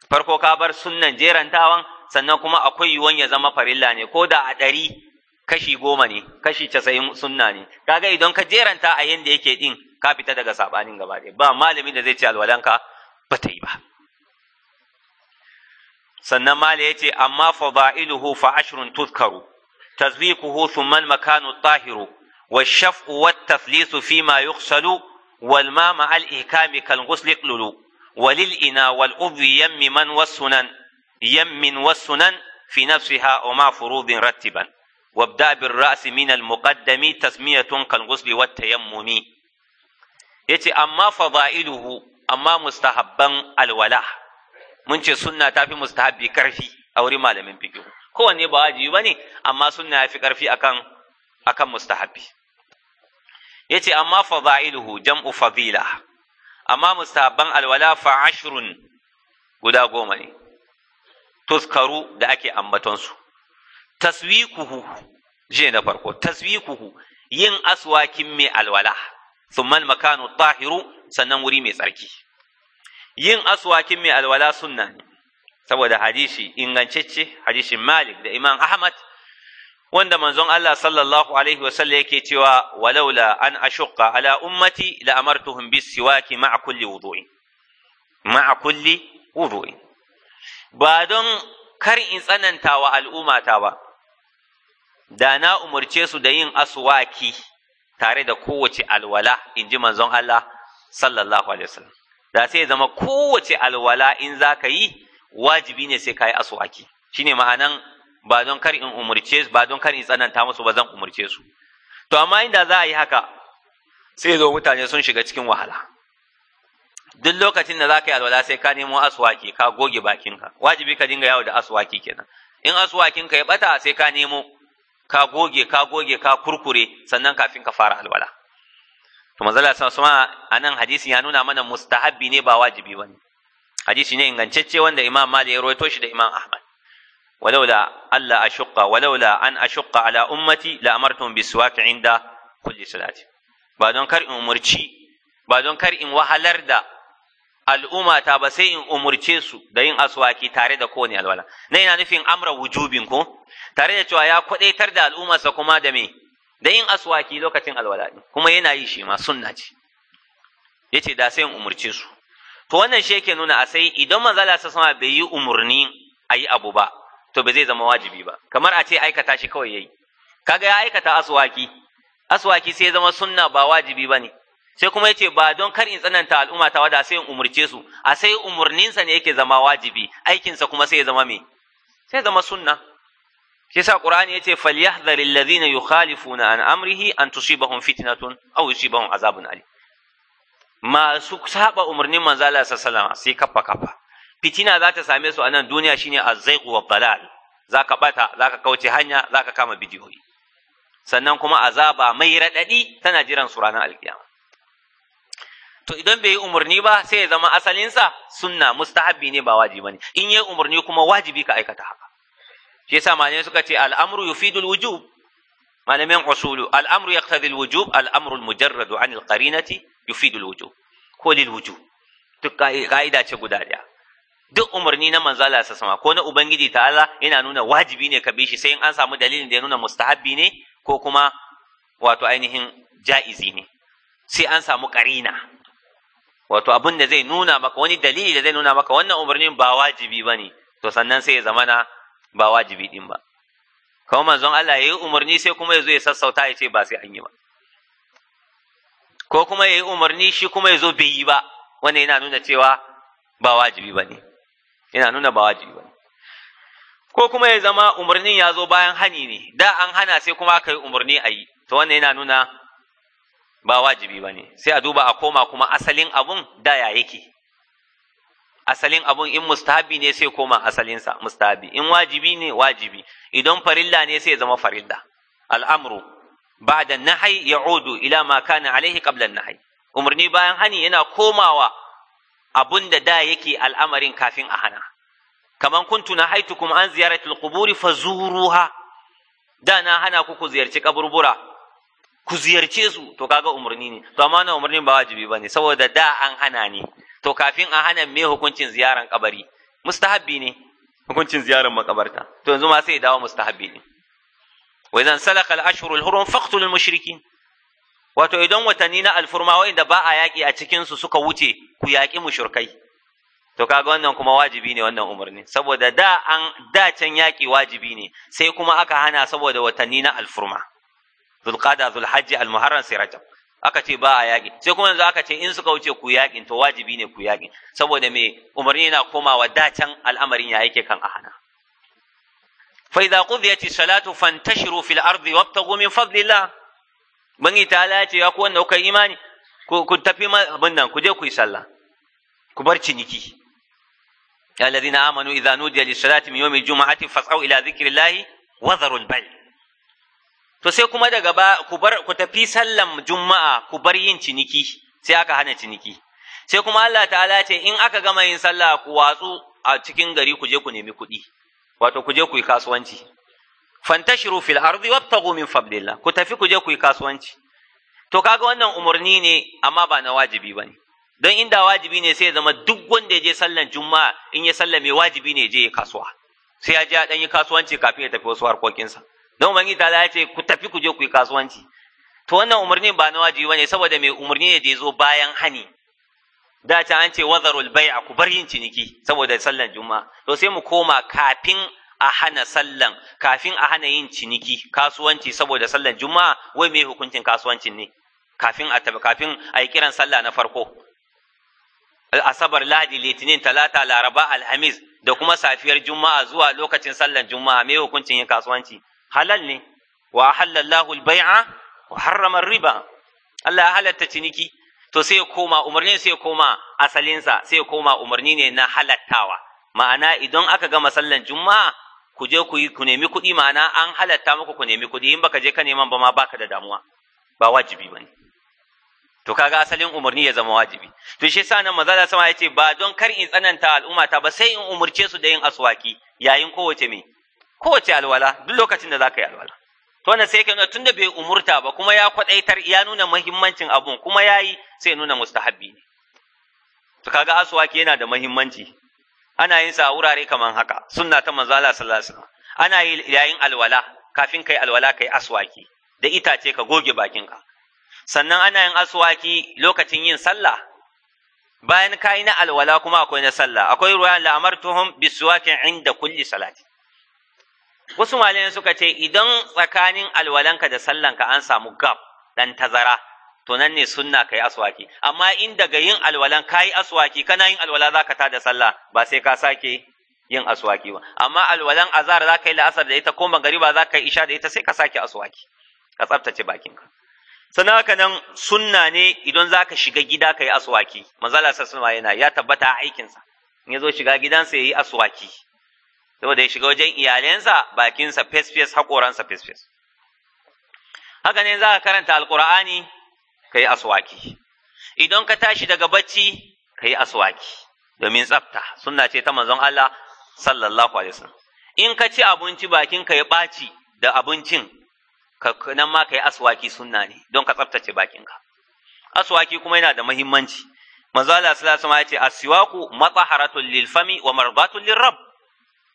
[SPEAKER 1] farko ka bar sunnan jerantawan sannan kuma akwai yiwuwan ya zama farilla ne ko da a ɗari kashi goma ne kashi casa'in sunna ne kaga idan ka jeranta a yanda yake din ka fita daga sabanin gaba ba malami da zai ce alwalanka ba ta yi ba سنن مال يتي أما فضائله فعشر تذكر tuzkaru ثم المكان الطاهر والشفء والتثليث فيما يغسل والماء مع الإهكام كالغسل قللو وللإنا والأذ يم من والسنن يم والسنن في نفسها وما فروض رتبا وابدأ بالرأس من المقدم تسمية كالغسل والتيمم يتي أما فضائله أما مستحبا الولاح mun ce sunna ta fi mustahabbi karfi a wuri malamin fiqh kowanne ba wajibi bane amma sunna ya fi karfi akan akan Ya yace amma fadailuhu jam'u fadila amma mustahabban alwala fa ashrun guda goma ne tuskaru da ake ambaton su taswiquhu je na farko taswikuhu yin aswakin mai alwala thumma makanu tahiru sannan wuri mai tsarki yin aswakin mai alwala sunna ne saboda hadisi ingancacce hadisin malik da imam ahmad wanda manzon Allah sallallahu alaihi sallam yake cewa walaula an ashqa ala ummati la amartuhum bis siwaki ma'a kulli wudu'in ma'a kulli wudu'in ba don kar in tsananta wa al'ummata ba da na umurce su da yin aswaki tare da kowace alwala in ji manzon Allah sallallahu alaihi wasallam da sai zama kowace alwala in za ka yi wajibi ne sai ka yi Shi ne ma'anan ba don kar in umurce ba don kar in tsananta musu ba zan umarce su to amma inda za a yi haka sai zo mutane sun shiga cikin wahala duk lokacin da za ka yi alwala sai ka nemo aswaki ka goge bakinka wajibi ka dinga yawo da aswaki kenan in ka ya bata sai ka nemo ka goge ka goge ka kurkure sannan kafin ka fara alwala to manzala sallallahu alaihi wasallam anan hadisin ya nuna mana mustahabbi ne ba wajibi bane hadisi ne ingantacce wanda imam mali ya rawaito shi da imam ahmad walaula alla ashqa walaula an ashqa ala ummati la amartum biswak inda kulli salati ba don kar in umurci ba don kar in wahalar da al'ummata ba sai in umurce su da yin aswaki tare da kowane alwala na yana nufin amra wujubin ko tare da cewa ya kwadaitar da al'ummarsa kuma da me da yin aswaki lokacin alwala kuma yana yi shi ma sunna ce yace da sai in umurce su to wannan shi yake nuna a sai idan manzala sa sama bai yi umurni ayi abu ba to ba zai zama wajibi ba kamar a ce aikata shi kawai yayi kaga ya aikata aswaki aswaki sai zama sunna ba wajibi bane sai kuma yace ba don kar in tsananta al'umma ta wada sai umurce su a sai umarninsa ne yake zama wajibi aikinsa kuma sai ya zama me sai zama sunna shi yasa qur'ani yace falyahdhar alladhina yukhalifuna an amrihi an tusibahum fitnatun aw yusibahum azabun alim masu saba umarnin manzo Allah sallallahu sai kafa kafa fitina za ta same su a nan duniya shine azzaiqu wa ka zaka bata zaka kauce hanya zaka kama bidiyoyi sannan kuma azaba mai radadi tana jiran su ranar alkiyama to idan bai yi umarni ba sai ya zama asalinsa sunna mustahabbi ne ba wajibi ne in yi umarni kuma wajibi ka aikata haka shi yasa malamai suka ce al'amru yufidul wujub malamin usulu al'amru yaqtadi al-wujub al'amru al-mujarradu an al-qarinati yufidul wujub ko lil wujub duk ka'ida ce guda daya duk umarni na manzala sa sama ko na ubangiji ta'ala yana nuna wajibi ne ka bi shi sai in an samu dalilin da ya nuna mustahabbi ne ko kuma wato ainihin ja'izi ne sai an samu karina wato abin da zai nuna maka wani dalili da zai nuna maka wannan umarnin ba wajibi bane to sannan sai ya zamana ba wajibi din ba kawai manzon Allah ya yi umarni sai kuma ya zo ya sassauta ya ce ba sai an yi ba ko kuma ya yi umarni shi kuma ya zo bai yi ba wanda yana nuna cewa ba wajibi ba ne yana nuna ba wajibi ba ne ko kuma ya zama umarnin ya zo bayan hani ne da an hana sai kuma aka yi umarni a yi to wannan yana nuna ba wajibi ba ne sai a duba a koma kuma asalin abun da ya yake asalin abun in mustahabi ne sai koma asalinsa mustahabi in wajibi ne wajibi idan farilla ne sai zama farilla al'amru ba'da ya ya'udu ila ma kana alaihi qabla nahai umarni bayan hani yana komawa abun da da yake al'amarin kafin a hana kaman kuntu kuma an ziyaratil quburi fazuruha da na hana ku ku ziyarci kaburbura ku ziyarce su to kaga umarni ne to amma na umarnin ba wajibi ba ne saboda da an hana ne to kafin a hana me hukuncin ziyaran kabari mustahabbi ne hukuncin ziyaran makabarta to yanzu ma sai ya dawo mustahabbi ne wa idan salaka al-ashhur al-hurum faqtul al-mushrikin wato idan watanni na alfurma wanda ba a yaƙi a cikin su suka wuce ku yaki mushrikai to kaga wannan kuma wajibi ne wannan umarni saboda da an da can yaki wajibi ne sai kuma aka hana saboda watanni na alfurma ذو zulqada zulhajji almuharram sai rajab aka ce ba a yaƙi sai kuma yanzu aka ce in suka wuce ku yaƙin to wajibi ne ku yaƙin saboda me umarni yana komawa dacan al'amarin ya yake kan ahana fa idza qudiyat salatu fantashiru fil ardi wabtagu min fadlillah bangi ta ala ce ya ku wanda kai imani ku tafi abin nan ku je ku yi sallah ku bar ciniki ya alladhina amanu idza nudiya lis salati min yawmi jumu'ati fas'u ila dhikrillahi wa dharul bayt to sai kuma daga ba ku bar ku tafi sallan juma'a ku bar yin ciniki sai aka hana ciniki sai kuma Allah ta'ala ce in aka gama yin sallah ku watsu a cikin gari ku je ku nemi kuɗi wato ku je ku yi kasuwanci fantashiru fil ardi wabtagu min fadlillah ku tafi ku je ku yi kasuwanci to kaga wannan umarni ne amma ba na wajibi bane don inda wajibi ne sai ya zama duk wanda ya je sallan juma'a in ya sallame wajibi ne je kasuwa sai ya je ya dan yi kasuwanci kafin ya tafi wasu harkokinsa don ubangi ta ya ce ku tafi ku je ku yi kasuwanci to wannan umarni ba na wajibi bane saboda mai umarni ne da ya zo bayan hani da ta an ce wazarul bai'a ku bar yin ciniki saboda sallan juma'a to sai mu koma kafin a hana sallan kafin a hana yin ciniki kasuwanci saboda sallan juma'a wai me hukuncin kasuwancin ne kafin a tabi kafin a yi kiran sallah na farko asabar lahadi litinin talata laraba alhamis da kuma safiyar juma'a zuwa lokacin sallan juma'a me hukuncin yin kasuwanci halal ne wa halallahu al wa harrama riba Allah ya halatta ciniki to sai ya koma umarni sai ya koma asalinsa sai ya koma umarni ne na halattawa ma'ana idan aka gama sallan juma'a ku je ku ku nemi kuɗi ma'ana an halatta muku ku nemi kuɗi in baka je ka neman ba ma baka da damuwa ba wajibi bane to kaga asalin umarni ya zama wajibi to shi yasa nan manzo sama ya ce ba don kar in tsananta al'umma ta ba sai in umurce su da yin aswaki yayin kowace me kowace alwala duk lokacin da za ka yi alwala to wannan sai yake nuna tunda bai umurta ba kuma ya kwadaitar ya nuna muhimmancin abun kuma ya yi sai nuna mustahabbi ne to kaga aswaki yana da muhimmanci ana yin sa a wurare kaman haka sunna ta manzo Allah sallallahu alaihi wasallam ana yayin alwala kafin kai alwala kai aswaki da itace ka goge bakin ka sannan ana yin aswaki lokacin yin sallah bayan ka na alwala kuma akwai na sallah akwai ruwa la'amartuhum biswakin inda kulli salati wasu malamai suka ce idan tsakanin alwalanka da sallanka an samu gab dan tazara to nan ne sunna kai aswaki amma in daga yin alwalan kai aswaki kana yin alwala zaka ta da sallah ba sai ka sake yin aswaki ba amma alwalan azhar zaka yi la'asar da ita ko magariba zaka yi isha da ita sai ka sake aswaki ka tsaftace bakinka sannan haka nan sunna ne idan zaka shiga gida kai aswaki manzala sallallahu alaihi yana ya tabbata a aikinsa in yazo shiga gidansa yayi aswaki saboda ya shiga wajen iyalensa bakinsa fesfes haƙoransa fesfes haka ne za ka karanta alƙur'ani ka yi aswaki idan ka tashi daga bacci ka yi aswaki domin tsafta suna ce ta mazan Allah sallallahu alaihi wasallam in ka ci abinci bakin ka ya ɓaci da abincin nan ma ka yi aswaki sunna ne don ka tsaftace bakinka aswaki kuma yana da mahimmanci. manzo Allah sallallahu alaihi wasallam ya ce aswaku mataharatul lilfami wa marbatun lirrab.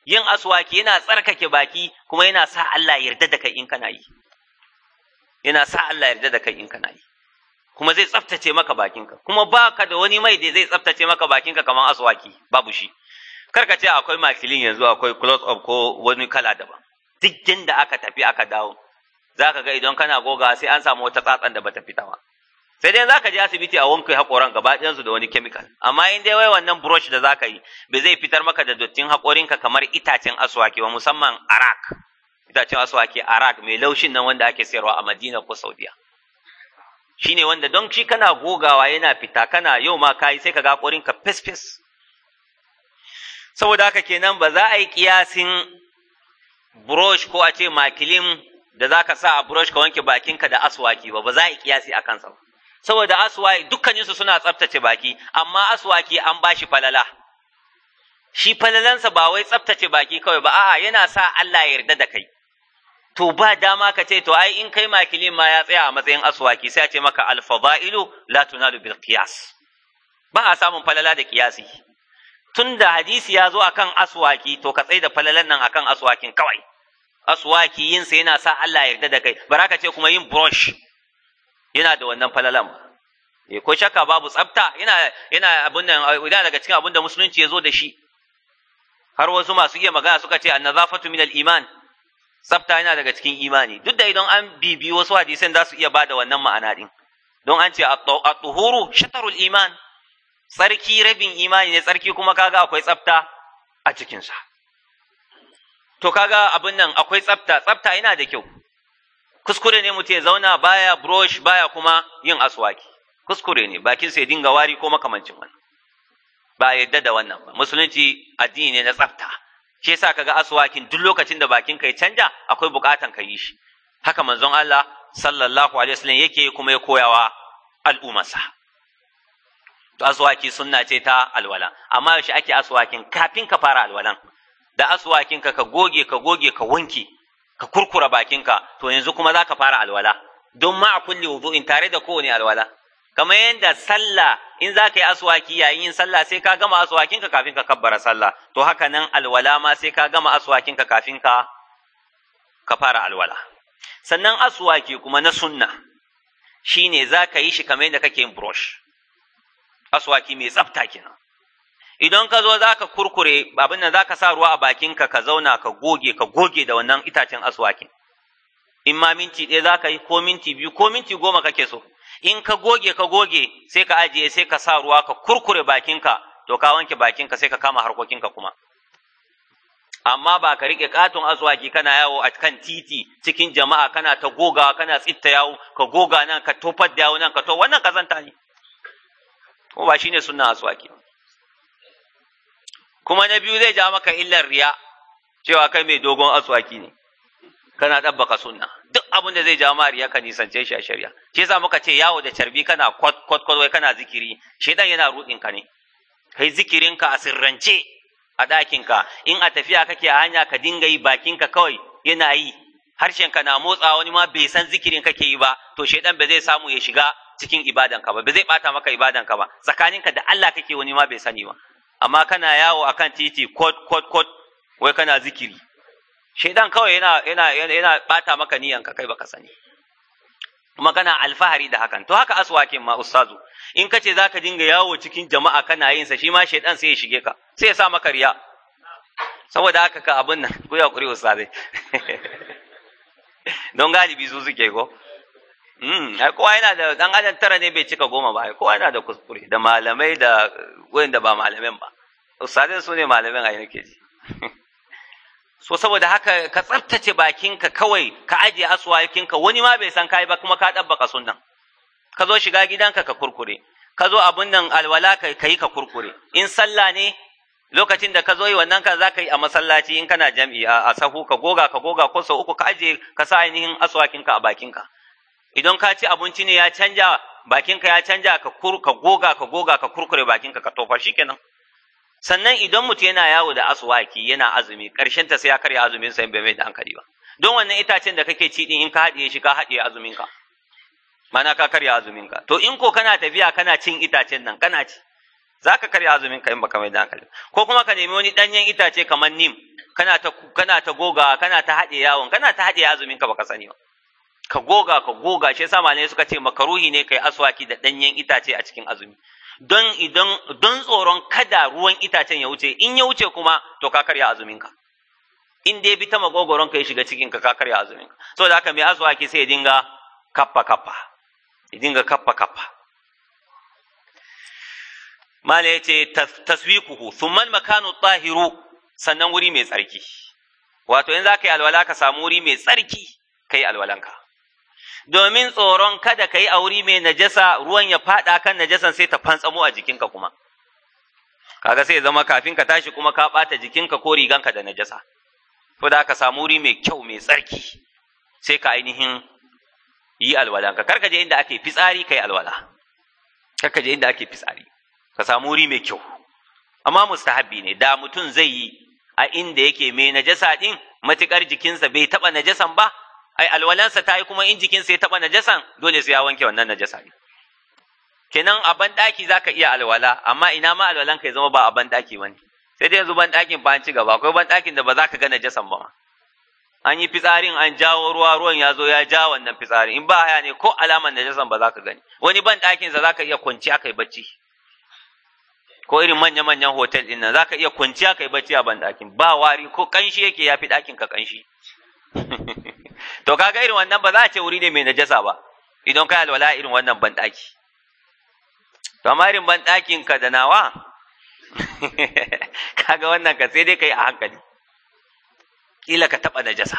[SPEAKER 1] yin aswaki yana tsarkake baki kuma yana sa Allah yarda da kai in kana yi yana sa Allah yarda da kai in kana yi kuma zai tsaftace maka bakinka kuma baka da wani mai da zai tsaftace maka bakinka kamar aswaki babu shi kar ka ce akwai makilin yanzu akwai close up ko wani kala daban duk da aka tafi aka dawo zaka ga idan kana goga sai an samu wata tsatsan da bata fita ba sai dai za ka je asibiti a wanke haƙoran gaba ɗayansu da wani kemikal. amma in dai wai wannan brush da za ka yi bai zai fitar maka da dottin haƙorinka kamar itacen aswaki ba musamman arak itacen aswaki arak mai laushin nan wanda ake sayarwa a Madina ko Saudiya shine wanda don shi kana gogawa yana fita kana yau ma yi sai ka ga haƙorinka fes-fes saboda haka kenan ba za a yi kiyasin brush ko a ce makilin da za ka sa a brush ka wanke bakinka da aswaki ba ba za a yi kiyasi a kansa ba saboda aswaki dukkaninsu suna tsaftace baki amma aswaki an bashi falala shi falalansa ba wai tsaftace baki kawai ba a'a yana sa Allah ya yarda da kai to ba dama ka ce to ai in kai makilin ma ya tsaya a matsayin aswaki sai a ce maka alfadailu la tunalu bil qiyas ba a samun falala da kiyasi tunda hadisi ya zo akan aswaki to ka tsai da falalan nan akan aswakin kawai aswaki yin yana sa Allah ya yarda da kai baraka ce kuma yin brush yana da wannan falalan e ko shakka babu tsafta yana yana abun nan eh, daga cikin abun da musulunci ya zo da shi har wasu masu iya magana suka ce annazafatu min al-iman tsafta yana daga cikin imani duk da idan an bibi wasu hadisan za su iya da wannan ma'ana din don an ce at-tuhuru shatarul iman tsarki rabin imani ne tsarki kuma kaga akwai tsafta a cikinsa to kaga abun nan akwai tsafta tsafta yana da kyau kuskure ne mutum ya zauna baya brush baya kuma yin aswaki kuskure ne bakin sai dinga wari ko makamancin wannan ba yadda da wannan ba musulunci addini ne na tsafta ke sa kaga aswakin duk lokacin da bakin ka ya canja akwai bukatan ka yi shi haka manzon Allah sallallahu alaihi wasallam yake kuma ya koyawa al'umarsa to aswaki sunna ce ta alwala amma yaushe ake aswakin kafin ka fara alwalan da aswakin ka ka goge ka goge ka wanke ka kurkura bakinka to yanzu kuma za ka fara alwala don ma a kulli wudu'in tare da kowane alwala kamar yadda sallah in za ka yi aswaki yayin yin sallah sai ka gama aswakinka kafin ka kabbara sallah to haka nan alwala ma sai ka gama aswakinka kafin ka ka fara alwala sannan aswaki kuma na sunna shine za ka yi shi kamar yadda kake yin brush aswaki mai tsafta kenan idan ka zo za ka kurkure abin nan za ka sa ruwa a bakinka ka zauna ka goge ka goge da wannan itacen aswakin in ma minti ɗaya za ka yi ko minti biyu ko minti goma kake so in ka goge ka goge sai ka ajiye sai ka sa ruwa ka kurkure bakinka to ka wanke bakinka sai ka kama harkokinka kuma amma ba ka riƙe katon aswaki kana yawo a kan titi cikin jama'a kana ta gogawa kana tsitta yawo ka goga nan ka tofar da yawo nan ka to wannan kazanta ne ko ba shine sunnan aswaki ba kuma na biyu zai ja maka illar riya cewa kai mai dogon aswaki ne kana ɗabbaka sunna duk abin da zai ja ma riya ka nisance shi a shari'a shi yasa muka ce yawo da carbi kana kwat kwat kwat wai kana zikiri shedan yana rudin ka ne kai zikirin ka a sirrance a ɗakin ka in a tafiya kake a hanya ka dinga yi bakin ka kawai yana yi harshen ka na motsa wani ma bai san zikirin kake yi ba to shedan ba zai samu ya shiga cikin ibadanka ba ba zai bata maka ka ba tsakanin ka da Allah kake wani ma bai sani ba amma kana yawo a kan titi kot kot kot wai kana zikiri shaidan kawai yana yana yana bata maka niyanka kai baka sani kuma kana alfahari da hakan to haka aswakin ma ustazu in kace zaka dinga yawo cikin jama'a kana yin sa shi ma shaidan sai ya shige ka sai ya sa maka riya saboda haka ka abin nan ku ya kuri ustazai don galibi su suke ko Mm, kowa yana da dan adam tara ne bai cika goma ba, kowa yana da kuskure da malamai da wanda ba malamin ba. ustazai su ne malamin yi nake ji so saboda haka ka tsaftace bakinka kawai ka ajiye aswakinka wani ma bai san kayi ba kuma ka dabbaka sunan. ka zo shiga gidanka ka kurkure ka zo abun nan alwala ka yi ka kurkure in sallah ne lokacin da ka zo yi wannan ka za ka yi a masallaci in kana jam'i a sahu ka goga ka goga ko sau uku ka ajiye ka sa ainihin asuwakinka a bakinka idan ka ci abinci ne ya canja bakinka ya canja ka goga ka goga ka kurkure bakinka ka tofa shikenan sannan idan mutum yana yawo da aswaki yana azumi ƙarshen ta sai ya karya azumin sa bai mai da hankali ba don wannan itacen da kake ci din in ka haɗiye shi ka haɗiye azumin ka mana ka karya azumin ka to in ko kana tafiya kana cin itacen nan kana ci zaka karya azumin ka in baka mai da hankali ko kuma ka nemi wani danyen itace kamar nim kana ta kana ta goga kana ta haɗe yawon kana ta haɗe azumin ka baka sani ba ka goga ka goga shi yasa malamai suka ce makaruhi ne kai aswaki da danyen itace a cikin azumi don idan don tsoron kada ruwan itacen ya wuce in ya wuce kuma to ka karya azuminka in dai bi ta magogoron ka ya shiga cikin ka ka karya azuminka saboda haka mai azuwa ke sai ya dinga kappa kappa ya dinga kappa kappa mala ya ce taswikuhu thumma makanu tahiru sannan wuri mai tsarki wato in za ka yi alwala ka samu wuri mai tsarki ka yi alwalanka domin tsoron kada ka yi a wuri mai najasa ruwan ya faɗa kan najasan sai ta fantsamo a jikinka kuma kaga sai zama kafin ka tashi kuma ka ɓata jikinka ko riganka da najasa ko da ka samu wuri mai kyau mai tsarki sai ka ainihin yi alwalanka karka je inda ake fitsari ka yi alwala karka je inda ake fitsari ka samu wuri mai kyau amma mustahabbi ne da mutum zai yi a inda yake mai najasa din matukar jikinsa bai taba najasan ba ai alwalansa ta yi kuma in jikinsa ya taɓa najasan dole sai ya wanke wannan najasa ne kenan a banɗaki za ka iya alwala amma ina ma alwalan ka ya zama ba a banɗaki ba ne sai dai yanzu banɗakin ba an ci gaba akwai banɗakin da ba za ka ga najasan ba ma an yi fitsarin an jawo ruwa ruwan ya zo ya ja wannan fitsarin, in ba haya ne ko alaman najasan ba za ka gani wani ban ɗakinsa za ka iya kwanci aka kai bacci ko irin manya-manyan hotel ɗin nan za ka iya aka kai bacci a ban ɗakin ba wari ko ƙanshi yake ya fi ɗakin ka ƙanshi to kaga irin wannan ba za a ce wuri ne mai najasa ba idan kai alwala irin wannan banɗaki to amma irin banɗakin ka da nawa kaga wannan ka sai dai kai a hankali kila ka taɓa najasa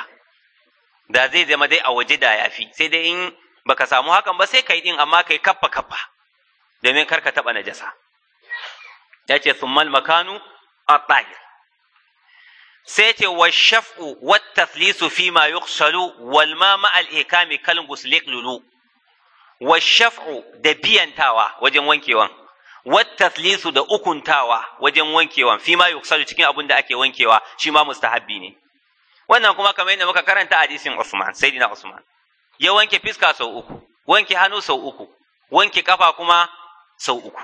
[SPEAKER 1] da zai zama dai a waje da yafi sai dai in baka samu hakan ba sai kai din amma kai kaffa kaffa domin kar ka taɓa najasa ya ce summal makanu a tahir sai ce wa shaf'u wa taflisu fi ma yuqsalu wal ma ma al ikami kal guslik lulu wa shaf'u da biyantawa wajen wankewan wa taflisu da ukuntawa wajen wankewan fi ma yuqsalu cikin abin da ake wankewa shi ma mustahabbi ne wannan kuma kamar yadda muka karanta hadisin Usman sayyidina Usman ya wanke fiska sau uku wanke hannu sau uku wanke kafa kuma sau uku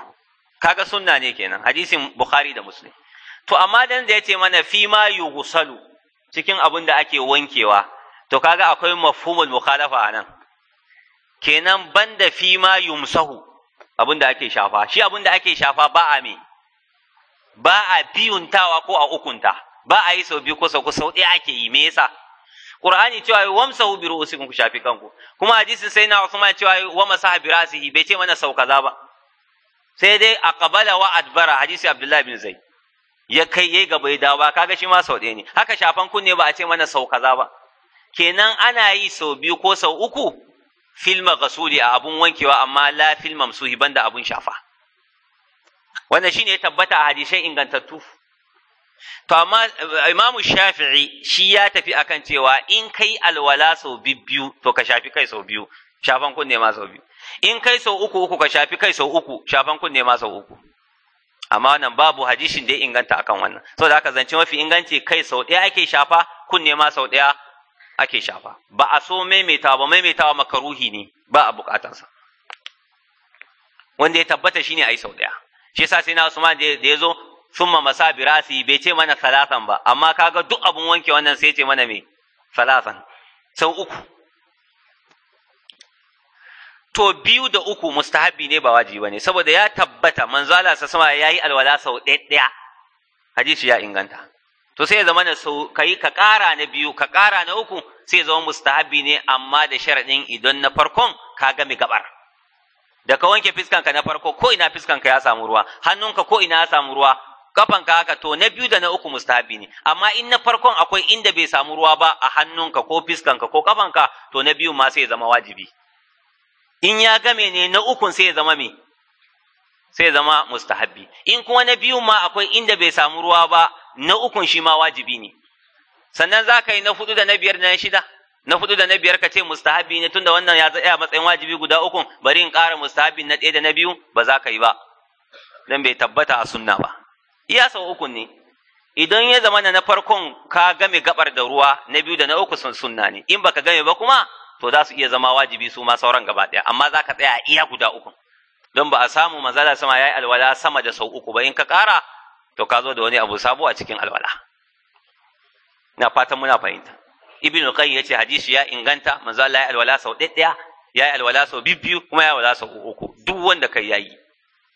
[SPEAKER 1] kaga sunna ne kenan hadisin Bukhari da Muslim to amma dan da yace mana fi ma yughsalu cikin abin da ake wankewa to kaga akwai mafhumul mukhalafa anan kenan banda fi ma yumsahu abin da ake shafa shi abin da ake shafa ba a me ba a biyuntawa ko a ukunta ba a yi sau biyu ko sau sau ɗaya ake yi me yasa Qur'ani cewa wamsahu bi ru'usikum ku shafi kanku kuma hadisin sai na Uthman cewa wa masaha bi ra'sihi bai ce mana sau kaza ba sai dai aqbala wa adbara hadisi Abdullahi bin Zaid ya kai yayi gaba ya dawo ba kaga shi ma sau ɗaya ne haka shafan kunne ba a ce mana sau kaza ba kenan ana yi sau biyu ko sau uku filma gasuli a abun wankewa amma la filma ban banda abun shafa wannan shine tabbata a hadisai ingantattu to amma eh, imamu shafi'i shi ya tafi akan cewa in kai alwala sau biyu to ka shafi kai sau biyu shafan kunne ma sau biyu in kai sau uku uku ka shafi kai sau uku shafan kunne ma sau uku amma wannan babu hadishin da ya inganta akan wannan saboda haka zance mafi inganci kai sau ɗaya ake shafa kunne ma sau ɗaya ake shafa ba a so maimaitawa ba wa makaruhi ne ba a buƙatarsa wanda ya tabbata shine yi sau ɗaya shi yasa sai na Usman da ya zo summa masa birasi bai ce mana salasan ba amma kaga duk abun wanke wannan sai ya ce mana me salatan sau uku to biyu da uku mustahabi ne ba wajibi ne saboda ya tabbata manzo Allah sa sama yayi alwala sau ɗaya hadisi ya inganta to sai ya zama na sau kai ka kara na biyu ka ƙara na uku sai ya zama mustahabi ne amma da sharadin idan na farkon ka ga mi gabar da ka wanke fiskanka na farko ko ina fiskanka ya samu ruwa hannunka ko ina ya samu ruwa kafanka haka to na biyu da na uku mustahabi ne amma in na farkon akwai inda bai samu ruwa ba a hannunka ko fiskanka ko kafanka to na biyu ma sai ya zama wajibi in ya game ne na ukun sai ya zama me sai zama mustahabbi in kuma na biyu ma akwai inda bai samu ruwa ba na ukun shi ma wajibi ne sannan za ka yi na hudu da na biyar da na shida na hudu da na biyar ka ce mustahabbi ne tunda wannan ya tsaya matsayin wajibi guda ukun bari in ƙara mustahabbi na ɗaya da na biyu ba za ka yi ba dan bai tabbata a sunna ba iya sau ukun ne idan ya zama na farkon ka game gabar da ruwa na biyu da na uku sun sunna ne in baka game ba kuma to za su iya zama wajibi su ma sauran gaba ɗaya amma za ka tsaya a iya guda uku don ba a samu manzala sama ya yi alwala sama da sau uku ba in ka ƙara to ka zo da wani abu sabo a cikin alwala na fatan muna fahimta ibn qayyim yace hadisi ya inganta manzo Allah ya alwala sau ɗaya ya yi alwala sau biyu kuma ya alwala sau uku duk wanda kai yayi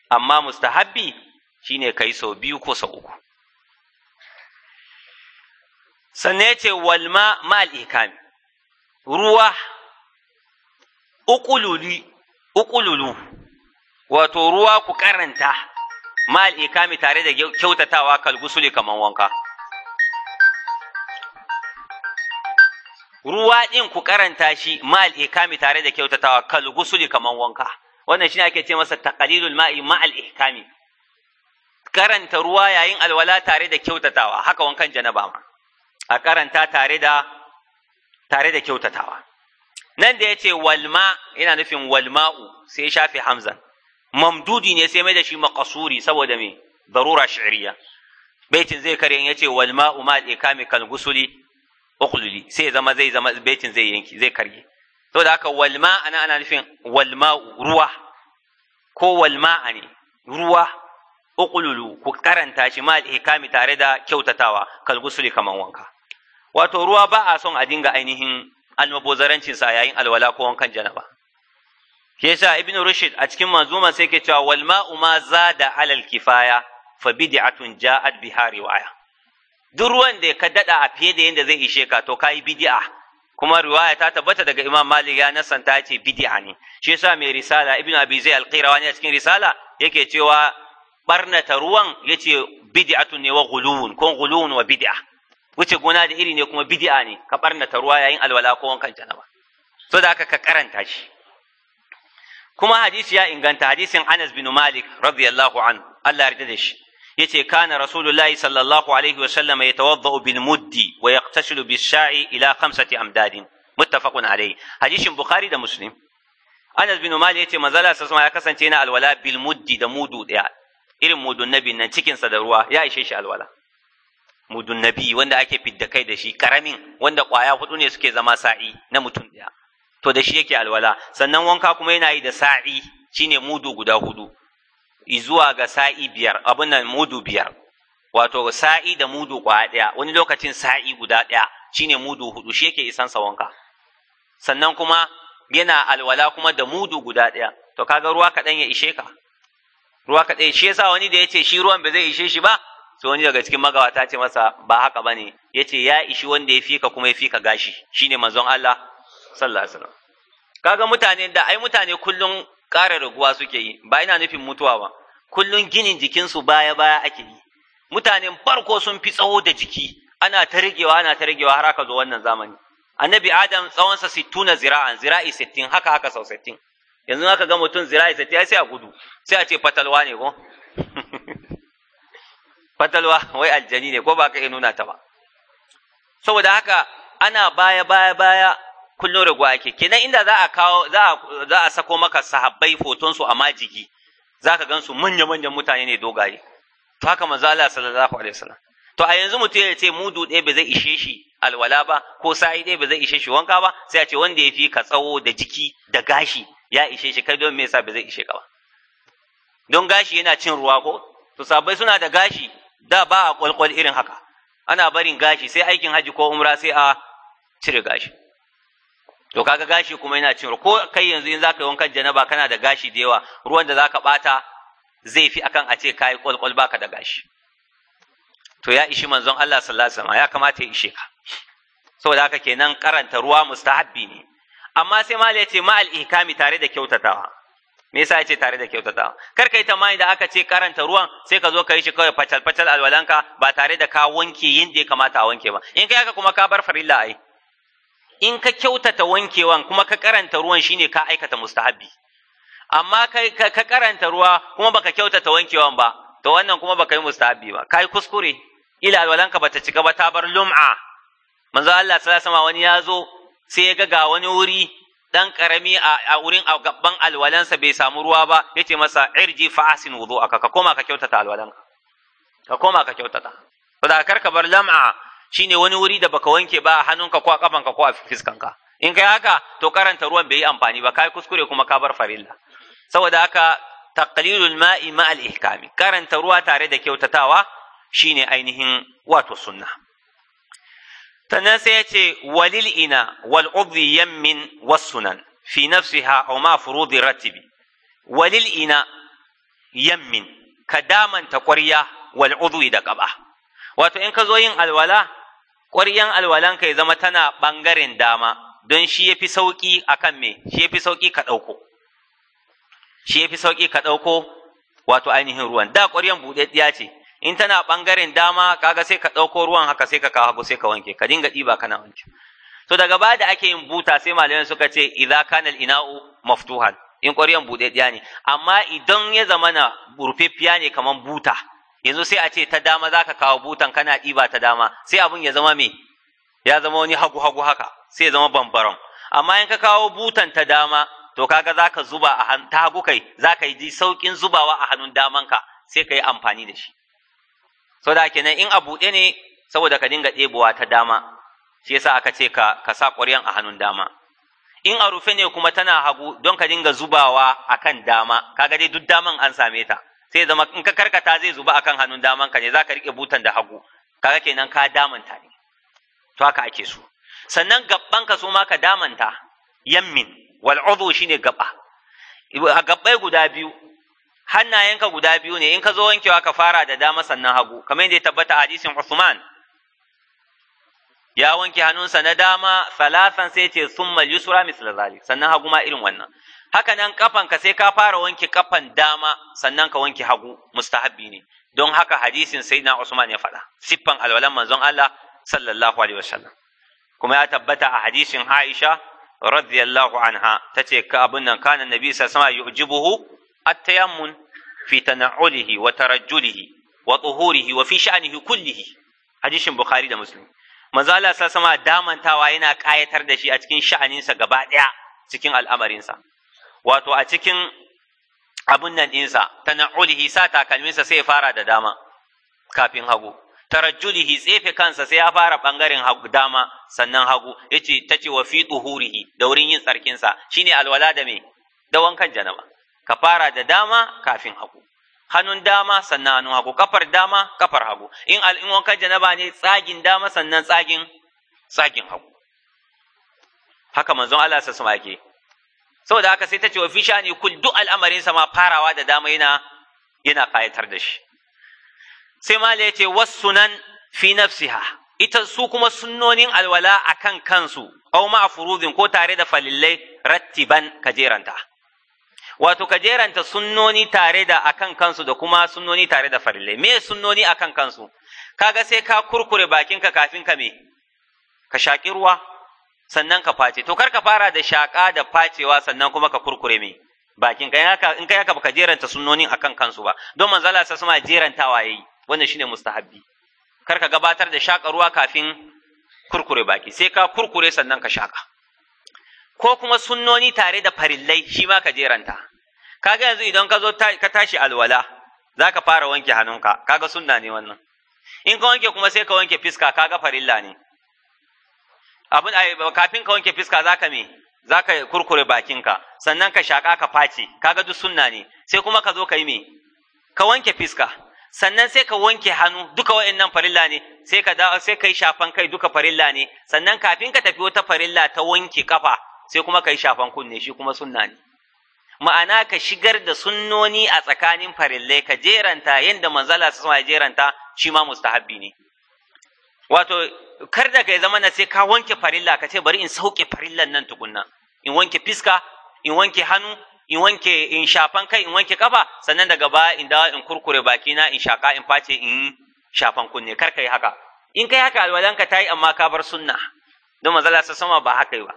[SPEAKER 1] amma mustahabbi shine kai sau biyu ko sau uku sannan yace walma ma mal ikami ruwa ukululi ukululu wato ruwa ku karanta mal ikami tare da kyautatawa kal gusuli kaman wanka ruwa din ku karanta shi mal ikami tare da kyautatawa kal gusuli kaman wanka wannan shine ake ce masa taqalilul ma'i ma'al ihkami karanta ruwa yayin alwala tare da kyautatawa haka wankan janaba ma a karanta tare da tare da kyautatawa nan da ya ce walma yana nufin walma'u sai ya shafe hamza mamdudi ne sai mai da shi makasuri saboda mai darura shi'riya baitin zai kare ya ce walma'u ma ikami kal gusuli ukululi sai zama zai zama baitin zai yanki zai karye saboda haka walma ana ana nufin walma'u ruwa ko walma'a ne ruwa ukululu ku karanta shi ma ikami tare da kyautatawa kal gusuli kaman wanka wato ruwa ba a son a dinga ainihin almabozarancin sa yayin alwala ko wankan janaba ke sa ibnu rushd a cikin mazuma sai ke cewa wal ma'u ma zada alal kifaya fa bid'atun ja'at biha riwaya duk ruwan da ka dada a fiye da yanda zai ishe ka to kai bid'a kuma riwaya ta tabbata daga imam malik ya nasanta ce bid'a ne shi yasa mai risala ibnu abi zai alqirawani a cikin risala yake cewa barnata ruwan yace bid'atun ne wa ghuluwun kun ghuluwun wa bid'a wuce gona da iri ne kuma bid'a ne ka barnata ruwa yayin alwala ko wankan janaba so da haka ka karanta shi kuma hadisi ya inganta hadisin Anas bin Malik radiyallahu anhu Allah ya da shi yace kana rasulullahi sallallahu alaihi wa sallam yatawaddau bil muddi wa yaqtasilu bis sha'i ila khamsati amdadin muttafaqun Alayhi, hadisin Bukhari da Muslim Anas bin Malik yace manzala sallallahu ya kasance na alwala bil muddi da mudu daya irin mudun nabi nan cikin sa da ruwa ya ishe shi alwala mudun nabi wanda ake fidda kai da shi karamin wanda kwaya hudu ne suke zama sa'i na mutum ɗaya, to da shi yake alwala sannan wanka kuma yana yi da sa'i shine mudu guda hudu zuwa ga sa'i biyar abin nan mudu biyar wato sa'i da mudu kwaya ɗaya wani lokacin sa'i guda ɗaya shine mudu hudu shi yake isan sa wanka sannan kuma yana alwala kuma da mudu guda ɗaya, to kaga ruwa kaɗan ya ishe ka ruwa kaɗan shi yasa wani da ya ce shi ruwan ba zai ishe shi ba sai wani daga cikin magawata ce masa ba haka ba ne. ya ce ya ishi wanda ya fika kuma ya fika gashi Shi ne manzon Allah sallallahu alaihi kaga mutane da ai mutane kullum ƙara raguwa suke yi ba ina nufin mutuwa ba Kullum ginin jikinsu baya baya ake yi mutanen farko sun fi tsawo da jiki ana ta rigewa ana ta rigewa har aka zo wannan zamani annabi adam tsawonsa sittuna zira'an zira'i sittin haka haka sau sittin yanzu aka ga mutum zira'i sittin sai a gudu sai a ce fatalwa ne ko fatalwa wai aljani ne ko ba ka nuna ta ba saboda haka ana baya baya baya kullun raguwa ake kenan inda za a kawo za a sako maka sahabbai foton su a majigi zaka gan su manya manyan mutane ne dogaye to haka manzo Allah sallallahu alaihi wasallam to a yanzu mutum ya ce mudu ɗaya ba zai ishe shi alwala ba ko sa'i ɗaya ba zai ishe shi wanka ba sai a ce wanda ya fi ka tsawo da jiki da gashi ya ishe shi kai don me yasa ba zai ishe ka ba don gashi yana cin ruwa ko to sabai suna da gashi da ba a kwalkwal irin haka ana barin gashi sai aikin haji ko umra sai a cire gashi to kaga gashi kuma yana cewa ko kai yanzu in zaka yi wankan janaba kana da gashi da yawa ruwan da zaka bata zai fi akan a ce kai kwalkwal baka da gashi to ya ishi manzon Allah sallallahu alaihi wasallam ya kamata ya ishe ka saboda haka kenan karanta ruwa mustahabbi ne amma sai malai ya ce ma al-ihkami tare da kyautatawa me yasa yace tare da kyautata. kar kai tamani da aka ce karanta ruwan sai ka zo ka yi shi kawai facal facal alwalanka ba tare da ka wanke yin da ya kamata a wanke ba in kai haka kuma ka bar farilla ai in ka kyautata wankewan kuma ka karanta ruwan shine ka aikata mustahabi amma kai ka karanta ruwa kuma baka kyautata wankewan ba to wannan kuma baka yi mustahabi ba kai kuskure ila alwalanka bata cika ba ta bar lum'a manzo Allah sallallahu alaihi wasallam wani ya zo sai ya ga ga wani wuri dan karami a wurin gaban alwalansa bai samu ruwa ba yace masa irji fa asin aka. ka koma ka kyautata alwalanka ka koma ka kyautata bar lam'a shine wani wuri da baka wanke ba a hannunka ko a kafanka ko a fiskanka in kai haka to karanta ruwan bai yi amfani ba kai kuskure kuma ka bar farilla saboda haka taqlilul ma'i ma al ihkami karanta ruwa tare da kyautatawa shine ainihin wato sunna sannan sai ya ce walil ina wal udhi yammin wasunan fi nafsiha aw ma furudi ratibi walil ina yammin ka damanta ƙwarya wal udhi da ƙaba wato in ka zo yin alwala ƙwaryan alwalan ka ya zama tana ɓangaren dama don shi yafi sauƙi akan me shi yafi sauƙi ka ɗauko shi yafi sauƙi ka ɗauko wato ainihin ruwan da ƙwaryan buɗaɗɗiya ce in tana bangaren dama kaga sai ka dauko ruwan haka sai ka kawo hagu sai ka wanke ka dinga ɗiba kana wanke to daga baya da ake yin buta sai malamai suka ce idza kana al-ina'u maftuhan in bude diya ne amma idan ya zama na rufaffiya ne kaman buta yanzu sai a ce ta dama zaka kawo butan kana ɗiba ta dama sai abun ya zama me ya zama wani hagu hagu haka sai ya zama bambaron amma in ka kawo butan ta dama to kaga zaka zuba a ta hagu kai zaka yi sauƙin zubawa a hannun damanka sai ka yi amfani da shi saboda kenan in a buɗe ne saboda ka dinga ɗebowa ta dama shi yasa aka ce ka ka sa ƙwaryan a hannun dama in a rufe ne kuma tana hagu don ka dinga zubawa akan dama kaga dai duk daman an same ta sai zama in ka karkata zai zuba akan hannun daman ka ne za ka rike butan da hagu kaga kenan ka damanta ne to haka ake so sannan gabban ka so ma ka damanta yammin wal udhu shine gaba gabbai guda biyu hannayenka guda biyu ne in ka zo wankewa ka fara da dama sannan hagu kamar yadda ya tabbata a hadisin Uthman ya wanke hannunsa na dama salasan sai ce summa yusra misla zalik sannan hagu ma irin wannan haka nan kafan ka sai ka fara wanke kafan dama sannan ka wanke hagu mustahabbi ne don haka hadisin sayyidina Usman ya faɗa siffan alwalan manzon Allah sallallahu alaihi wasallam kuma ya tabbata a hadisin Aisha radiyallahu anha tace ka abin nan kana nabi sallallahu alaihi wasallam yujibuhu التيمم في تنعله وترجله وطهوره وفي شأنه كله حديث البخاري ده مسلم manzo Allah sallallahu alaihi wasallam damantawa yana kayatar da shi a cikin sha'aninsa gaba daya cikin al'amarinsa wato a cikin abun nan dinsa tana'ulihi sa takalminsa sai ya fara da dama kafin hagu tarajjulihi tsefe kansa sai ya fara bangaren hagu dama sannan hagu yace tace wa fi tuhurihi da wurin yin tsarkinsa shine alwala da me da wankan janaba ka fara da dama kafin hagu hannun dama sannan hannun hagu kafar dama kafar hagu in al'in na janaba ne tsagin dama sannan tsagin tsagin hagu haka manzon Allah sa ke. Sau saboda haka sai ta ce wa fi ne kul duk al'amarin sama farawa da dama yana yana kayatar da shi sai ma ya ce nan fi nafsiha ita su kuma sunnonin alwala a kan kansu aw ma furudin ko tare da falillai rattiban kajeranta wato ka jeranta sunnoni tare da akan kansu da kuma sunnoni tare da farille me sunnoni akan kansu kaga sai ka kurkure bakinka kafin ka me ka shaƙi ruwa sannan ka face to kar ka fara da shaƙa da facewa sannan kuma ka kurkure me bakin ka in kai haka baka jeranta sunnonin akan kansu ba don manzo Allah sai suma jerantawa yayi wannan shine mustahabbi kar ka gabatar da shaƙa ruwa kafin kurkure baki sai ka kurkure sannan ka shaƙa ko kuma sunnoni tare da farillai shi ma ka jeranta kaga yanzu idan ka zo ka tashi alwala za ka fara wanke hannunka kaga sunna ne wannan in ka wanke kuma sai ka wanke fiska kaga farilla ne abin kafin ka wanke fiska za ka me za ka kurkure bakinka sannan ka shaƙa ka face kaga duk sunna ne sai kuma ka zo ka yi me ka wanke fiska sannan sai ka wanke hannu duka wa'annan farilla ne sai ka sai ka yi shafan kai duka farilla ne sannan kafin ka tafi wata farilla ta wanke kafa sai kuma ka yi shafan kunne shi kuma sunna ne ma'ana ka shigar da sunnoni a tsakanin farillai ka jeranta yadda manzala su ya jeranta shi ma mustahabbi ne wato kar da kai zama na sai ka wanke farilla ka ce bari in sauke farillan nan tukunna in wanke fiska in wanke hannu in wanke in shafan kai in wanke kafa sannan daga baya in dawo in kurkure bakina, in shaka in face in shafan kunne kar kai haka in kai haka alwalanka ta yi, amma ka bar sunna don manzala su sama ba haka yi ba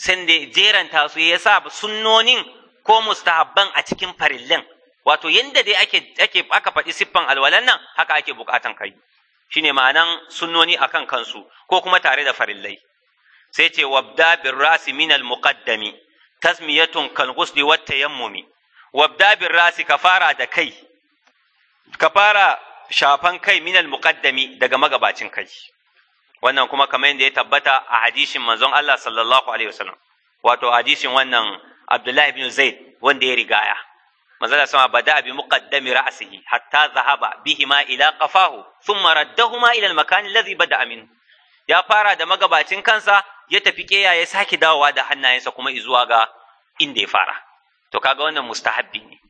[SPEAKER 1] sun da jeranta su ya sa sunnonin ko mustahabban a cikin farillin wato yadda dai ake ake aka faɗi siffan alwalan nan haka ake bukatan kai shine ma'anan sunnoni akan kansu ko kuma tare da farillai sai ce wabda bir rasi min al muqaddami tasmiyatun kal ghusli wat tayammumi wabda rasi kafara da kai shafan kai min al muqaddami daga magabacin kai wannan kuma kamar yadda ya tabbata a hadishin manzon Allah sallallahu alaihi wasallam wato hadishin wannan Abdullahi bin Zaid wanda ya rigaya manzala sama bada bi muqaddami ra'sihi hatta zahaba bihima ila qafahu thumma raddahuma ila al-makan alladhi bada min ya fara da magabacin kansa ya tafi keya ya sake dawowa da hannayensa kuma izuwa ga inda ya fara to kaga wannan mustahabbi ne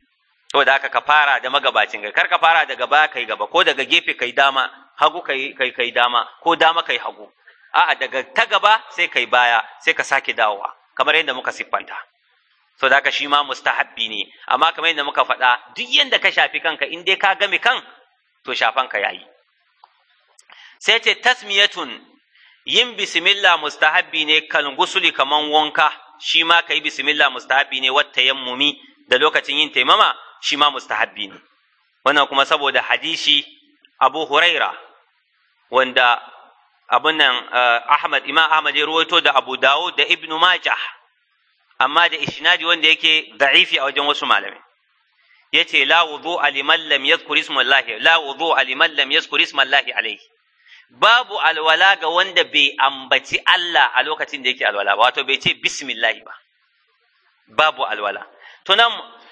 [SPEAKER 1] da haka ka fara da magabacin ka kar ka fara daga baya kai gaba ko daga gefe kai dama hagu kai kai kai dama ko dama kai hagu a'a daga ta gaba sai kai baya sai ka sake dawowa kamar yadda muka siffanta to da ka shi ma mustahabbi ne amma kamar yadda muka faɗa duk yadda ka shafi kanka in dai ka game kan to shafan ka yayi sai ce tasmiyatun yin bismillah mustahabbi ne kal gusuli kaman wanka shi ma kai bismillah mustahabbi ne wata yammumi da lokacin yin taimama shi ma mustahabbi ne wannan kuma saboda hadisi abu huraira wanda abun nan eh, ahmad imam ahmad ya ruwaito da abu dawud da ibnu majah amma da isnadi wanda yake da'ifi a wajen wasu malamai yace la wudu liman lam yadhkur ismallahi la wudu lam yadhkur ismallahi alayhi babu alwala ga wanda bai ambaci Allah a lokacin da yake alwala wato bai ce bismillah ba babu alwala to nan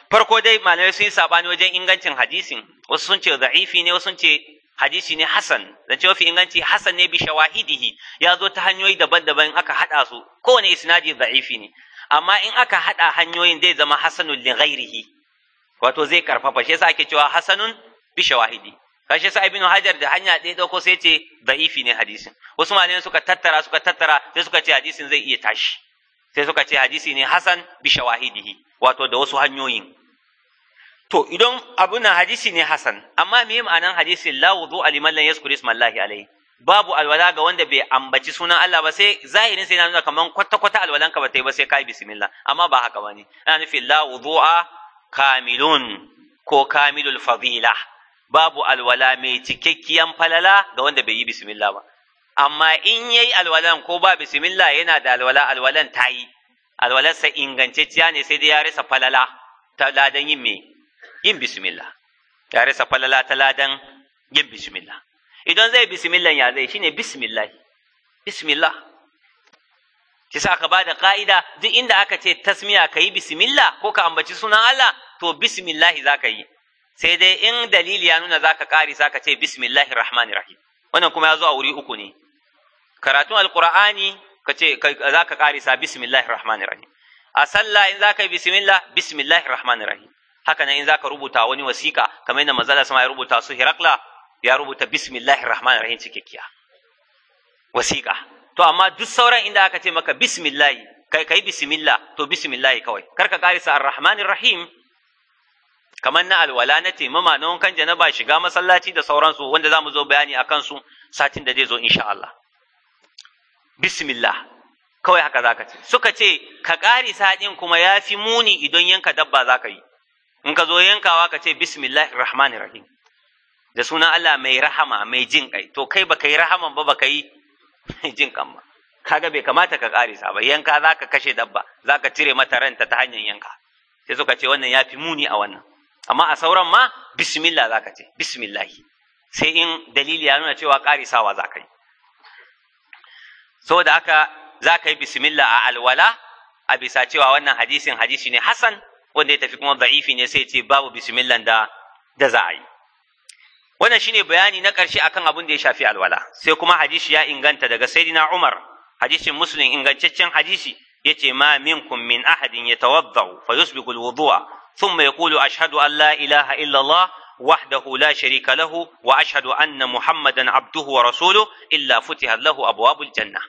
[SPEAKER 1] farko dai malamai sun yi sabani wajen ingancin hadisin wasu sun ce za'ifi ne wasu sun ce hadisi ne hasan ce mafi inganci hasan ne bi shawahidihi ya zo ta hanyoyi daban-daban aka haɗa su kowane isnadi za'ifi ne amma in aka haɗa hanyoyin zai zama hasanun li ghairihi wato zai karfafa shi yasa ake cewa hasanun bi shawahidi kashi sai ibnu hajar da hanya ɗaya dauko sai ce za'ifi ne hadisin wasu malamai suka tattara suka tattara sai suka ce hadisin zai iya tashi sai suka ce hadisi ne hasan bi shawahidihi wato da wasu hanyoyin to idan abu na hadisi ne hasan amma me ma'anan hadisi la wudu aliman lan yaskuri ismallahi alaihi babu alwala ga wanda bai ambaci sunan Allah ba sai zahirin sai nuna kaman kwata kwata alwalan ka ba ta yi ba sai kai bismillah amma ba haka bane ana nufin la wudu'a kamilun ko kamilul fadila babu alwala mai cikakkiyan falala ga wanda bai yi bismillah ba amma in yayi alwalan ko ba bismillah yana da alwala alwalan ta yi alwalarsa ingantacciya ne sai dai ya rasa falala ta ladan yin me yin bismillah ya rasa falala ta ladan yin bismillah idan zai bismillah ya zai shine bismillah bismillah Ki sa ka ba da ka'ida duk inda aka ce tasmiya ka yi bismillah ko ka ambaci sunan Allah to bismillah za ka yi sai dai in dalili ya nuna za ka ƙari ka ce bismillahir rahmanir rahim wannan kuma ya zo a wuri uku ne karatun alqur'ani ka ce za ka ƙari sa bismillahir rahmanir rahim a sallah in za ka yi bismillah bismillahir rahmanir rahim haka nan in zaka rubuta wani wasika kamar yadda manzala sama ya rubuta su hirakla ya rubuta bismillahir rahmanir rahim cikakkiya wasika to amma duk sauran inda aka ce maka bismillah kai kai bismillah to bismillah kawai karka karisa arrahmanir rahim kamar na alwala na taimama na wankan janaba shiga masallaci da sauransu wanda zamu zo bayani a kansu satin da zai zo insha Allah bismillah kawai haka zaka ce suka ce ka karisa din kuma yafi muni idan yanka dabba zaka yi in ka zo yankawa ka ce bismillahir rahmanir rahim da suna Allah mai rahama mai jin kai to kai baka yi rahaman ba baka yi jin kan ba kaga bai kamata ka karisa ba yanka zaka kashe dabba zaka cire mata ranta ta hanyar yanka sai suka ce wannan yafi muni a wannan amma a sauran ma bismillah zaka ce bismillah sai in dalili ya nuna cewa karisawa zaka yi saboda haka zaka yi bismillah a alwala a bisa cewa wannan hadisin hadisi ne hasan wanda ya tafi kuma da'ifi ne sai ce babu bismillah da da za a yi wannan shine bayani na ƙarshe akan abin da ya shafi alwala sai kuma hadisi ya inganta daga sayyidina Umar hadisin muslim ingantaccen hadisi yace ma minkum min ahadin yatawaddau fa yusbiqu alwudu'a thumma yaqulu ashhadu an la ilaha illa Allah sharika lahu wa له anna Muhammadan, Abduhu wa Rasuluhu, illa فتحت له ابواب الجنه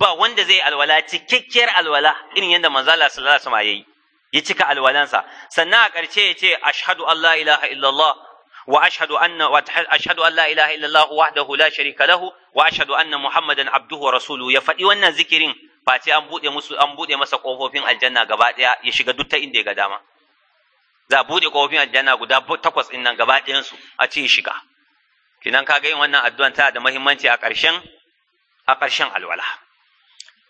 [SPEAKER 1] ba wanda zai alwala cikakkiyar alwala irin yadda maza Allah sallallahu alaihi wasallam yayi ya cika alwalansa sannan a ƙarshe ya ce ashadu Allah ilaha illallah wa ashhadu anna wa ashhadu an ilaha illallah wahdahu la sharika lahu wa ashhadu anna muhammadan abduhu wa rasuluhu ya faɗi wannan zikirin face an bude musu an bude masa kofofin aljanna gaba ɗaya ya shiga duk ta inda ya ga dama za a bude kofofin aljanna guda takwas ɗin nan gaba ɗayan su a ce ya shiga kinan kaga yin wannan addu'an tana da muhimmanci a ƙarshen a ƙarshen alwala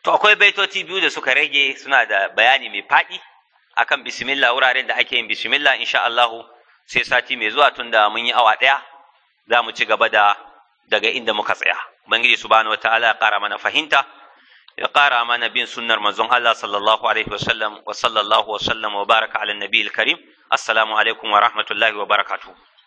[SPEAKER 1] to akwai baitoti biyu da suka rage suna da bayani mai faɗi akan bismillah wuraren da ake yin bismillah insha Allah sai sati mai zuwa tun da mun yi awa daya za mu ci gaba da daga inda muka tsaya bangiji subhanahu wataala ya kara mana fahimta ya kara mana bin sunnar manzon Allah sallallahu alaihi wasallam wa sallallahu wasallam wa baraka ala nabiyil karim assalamu alaikum wa rahmatullahi wa barakatuh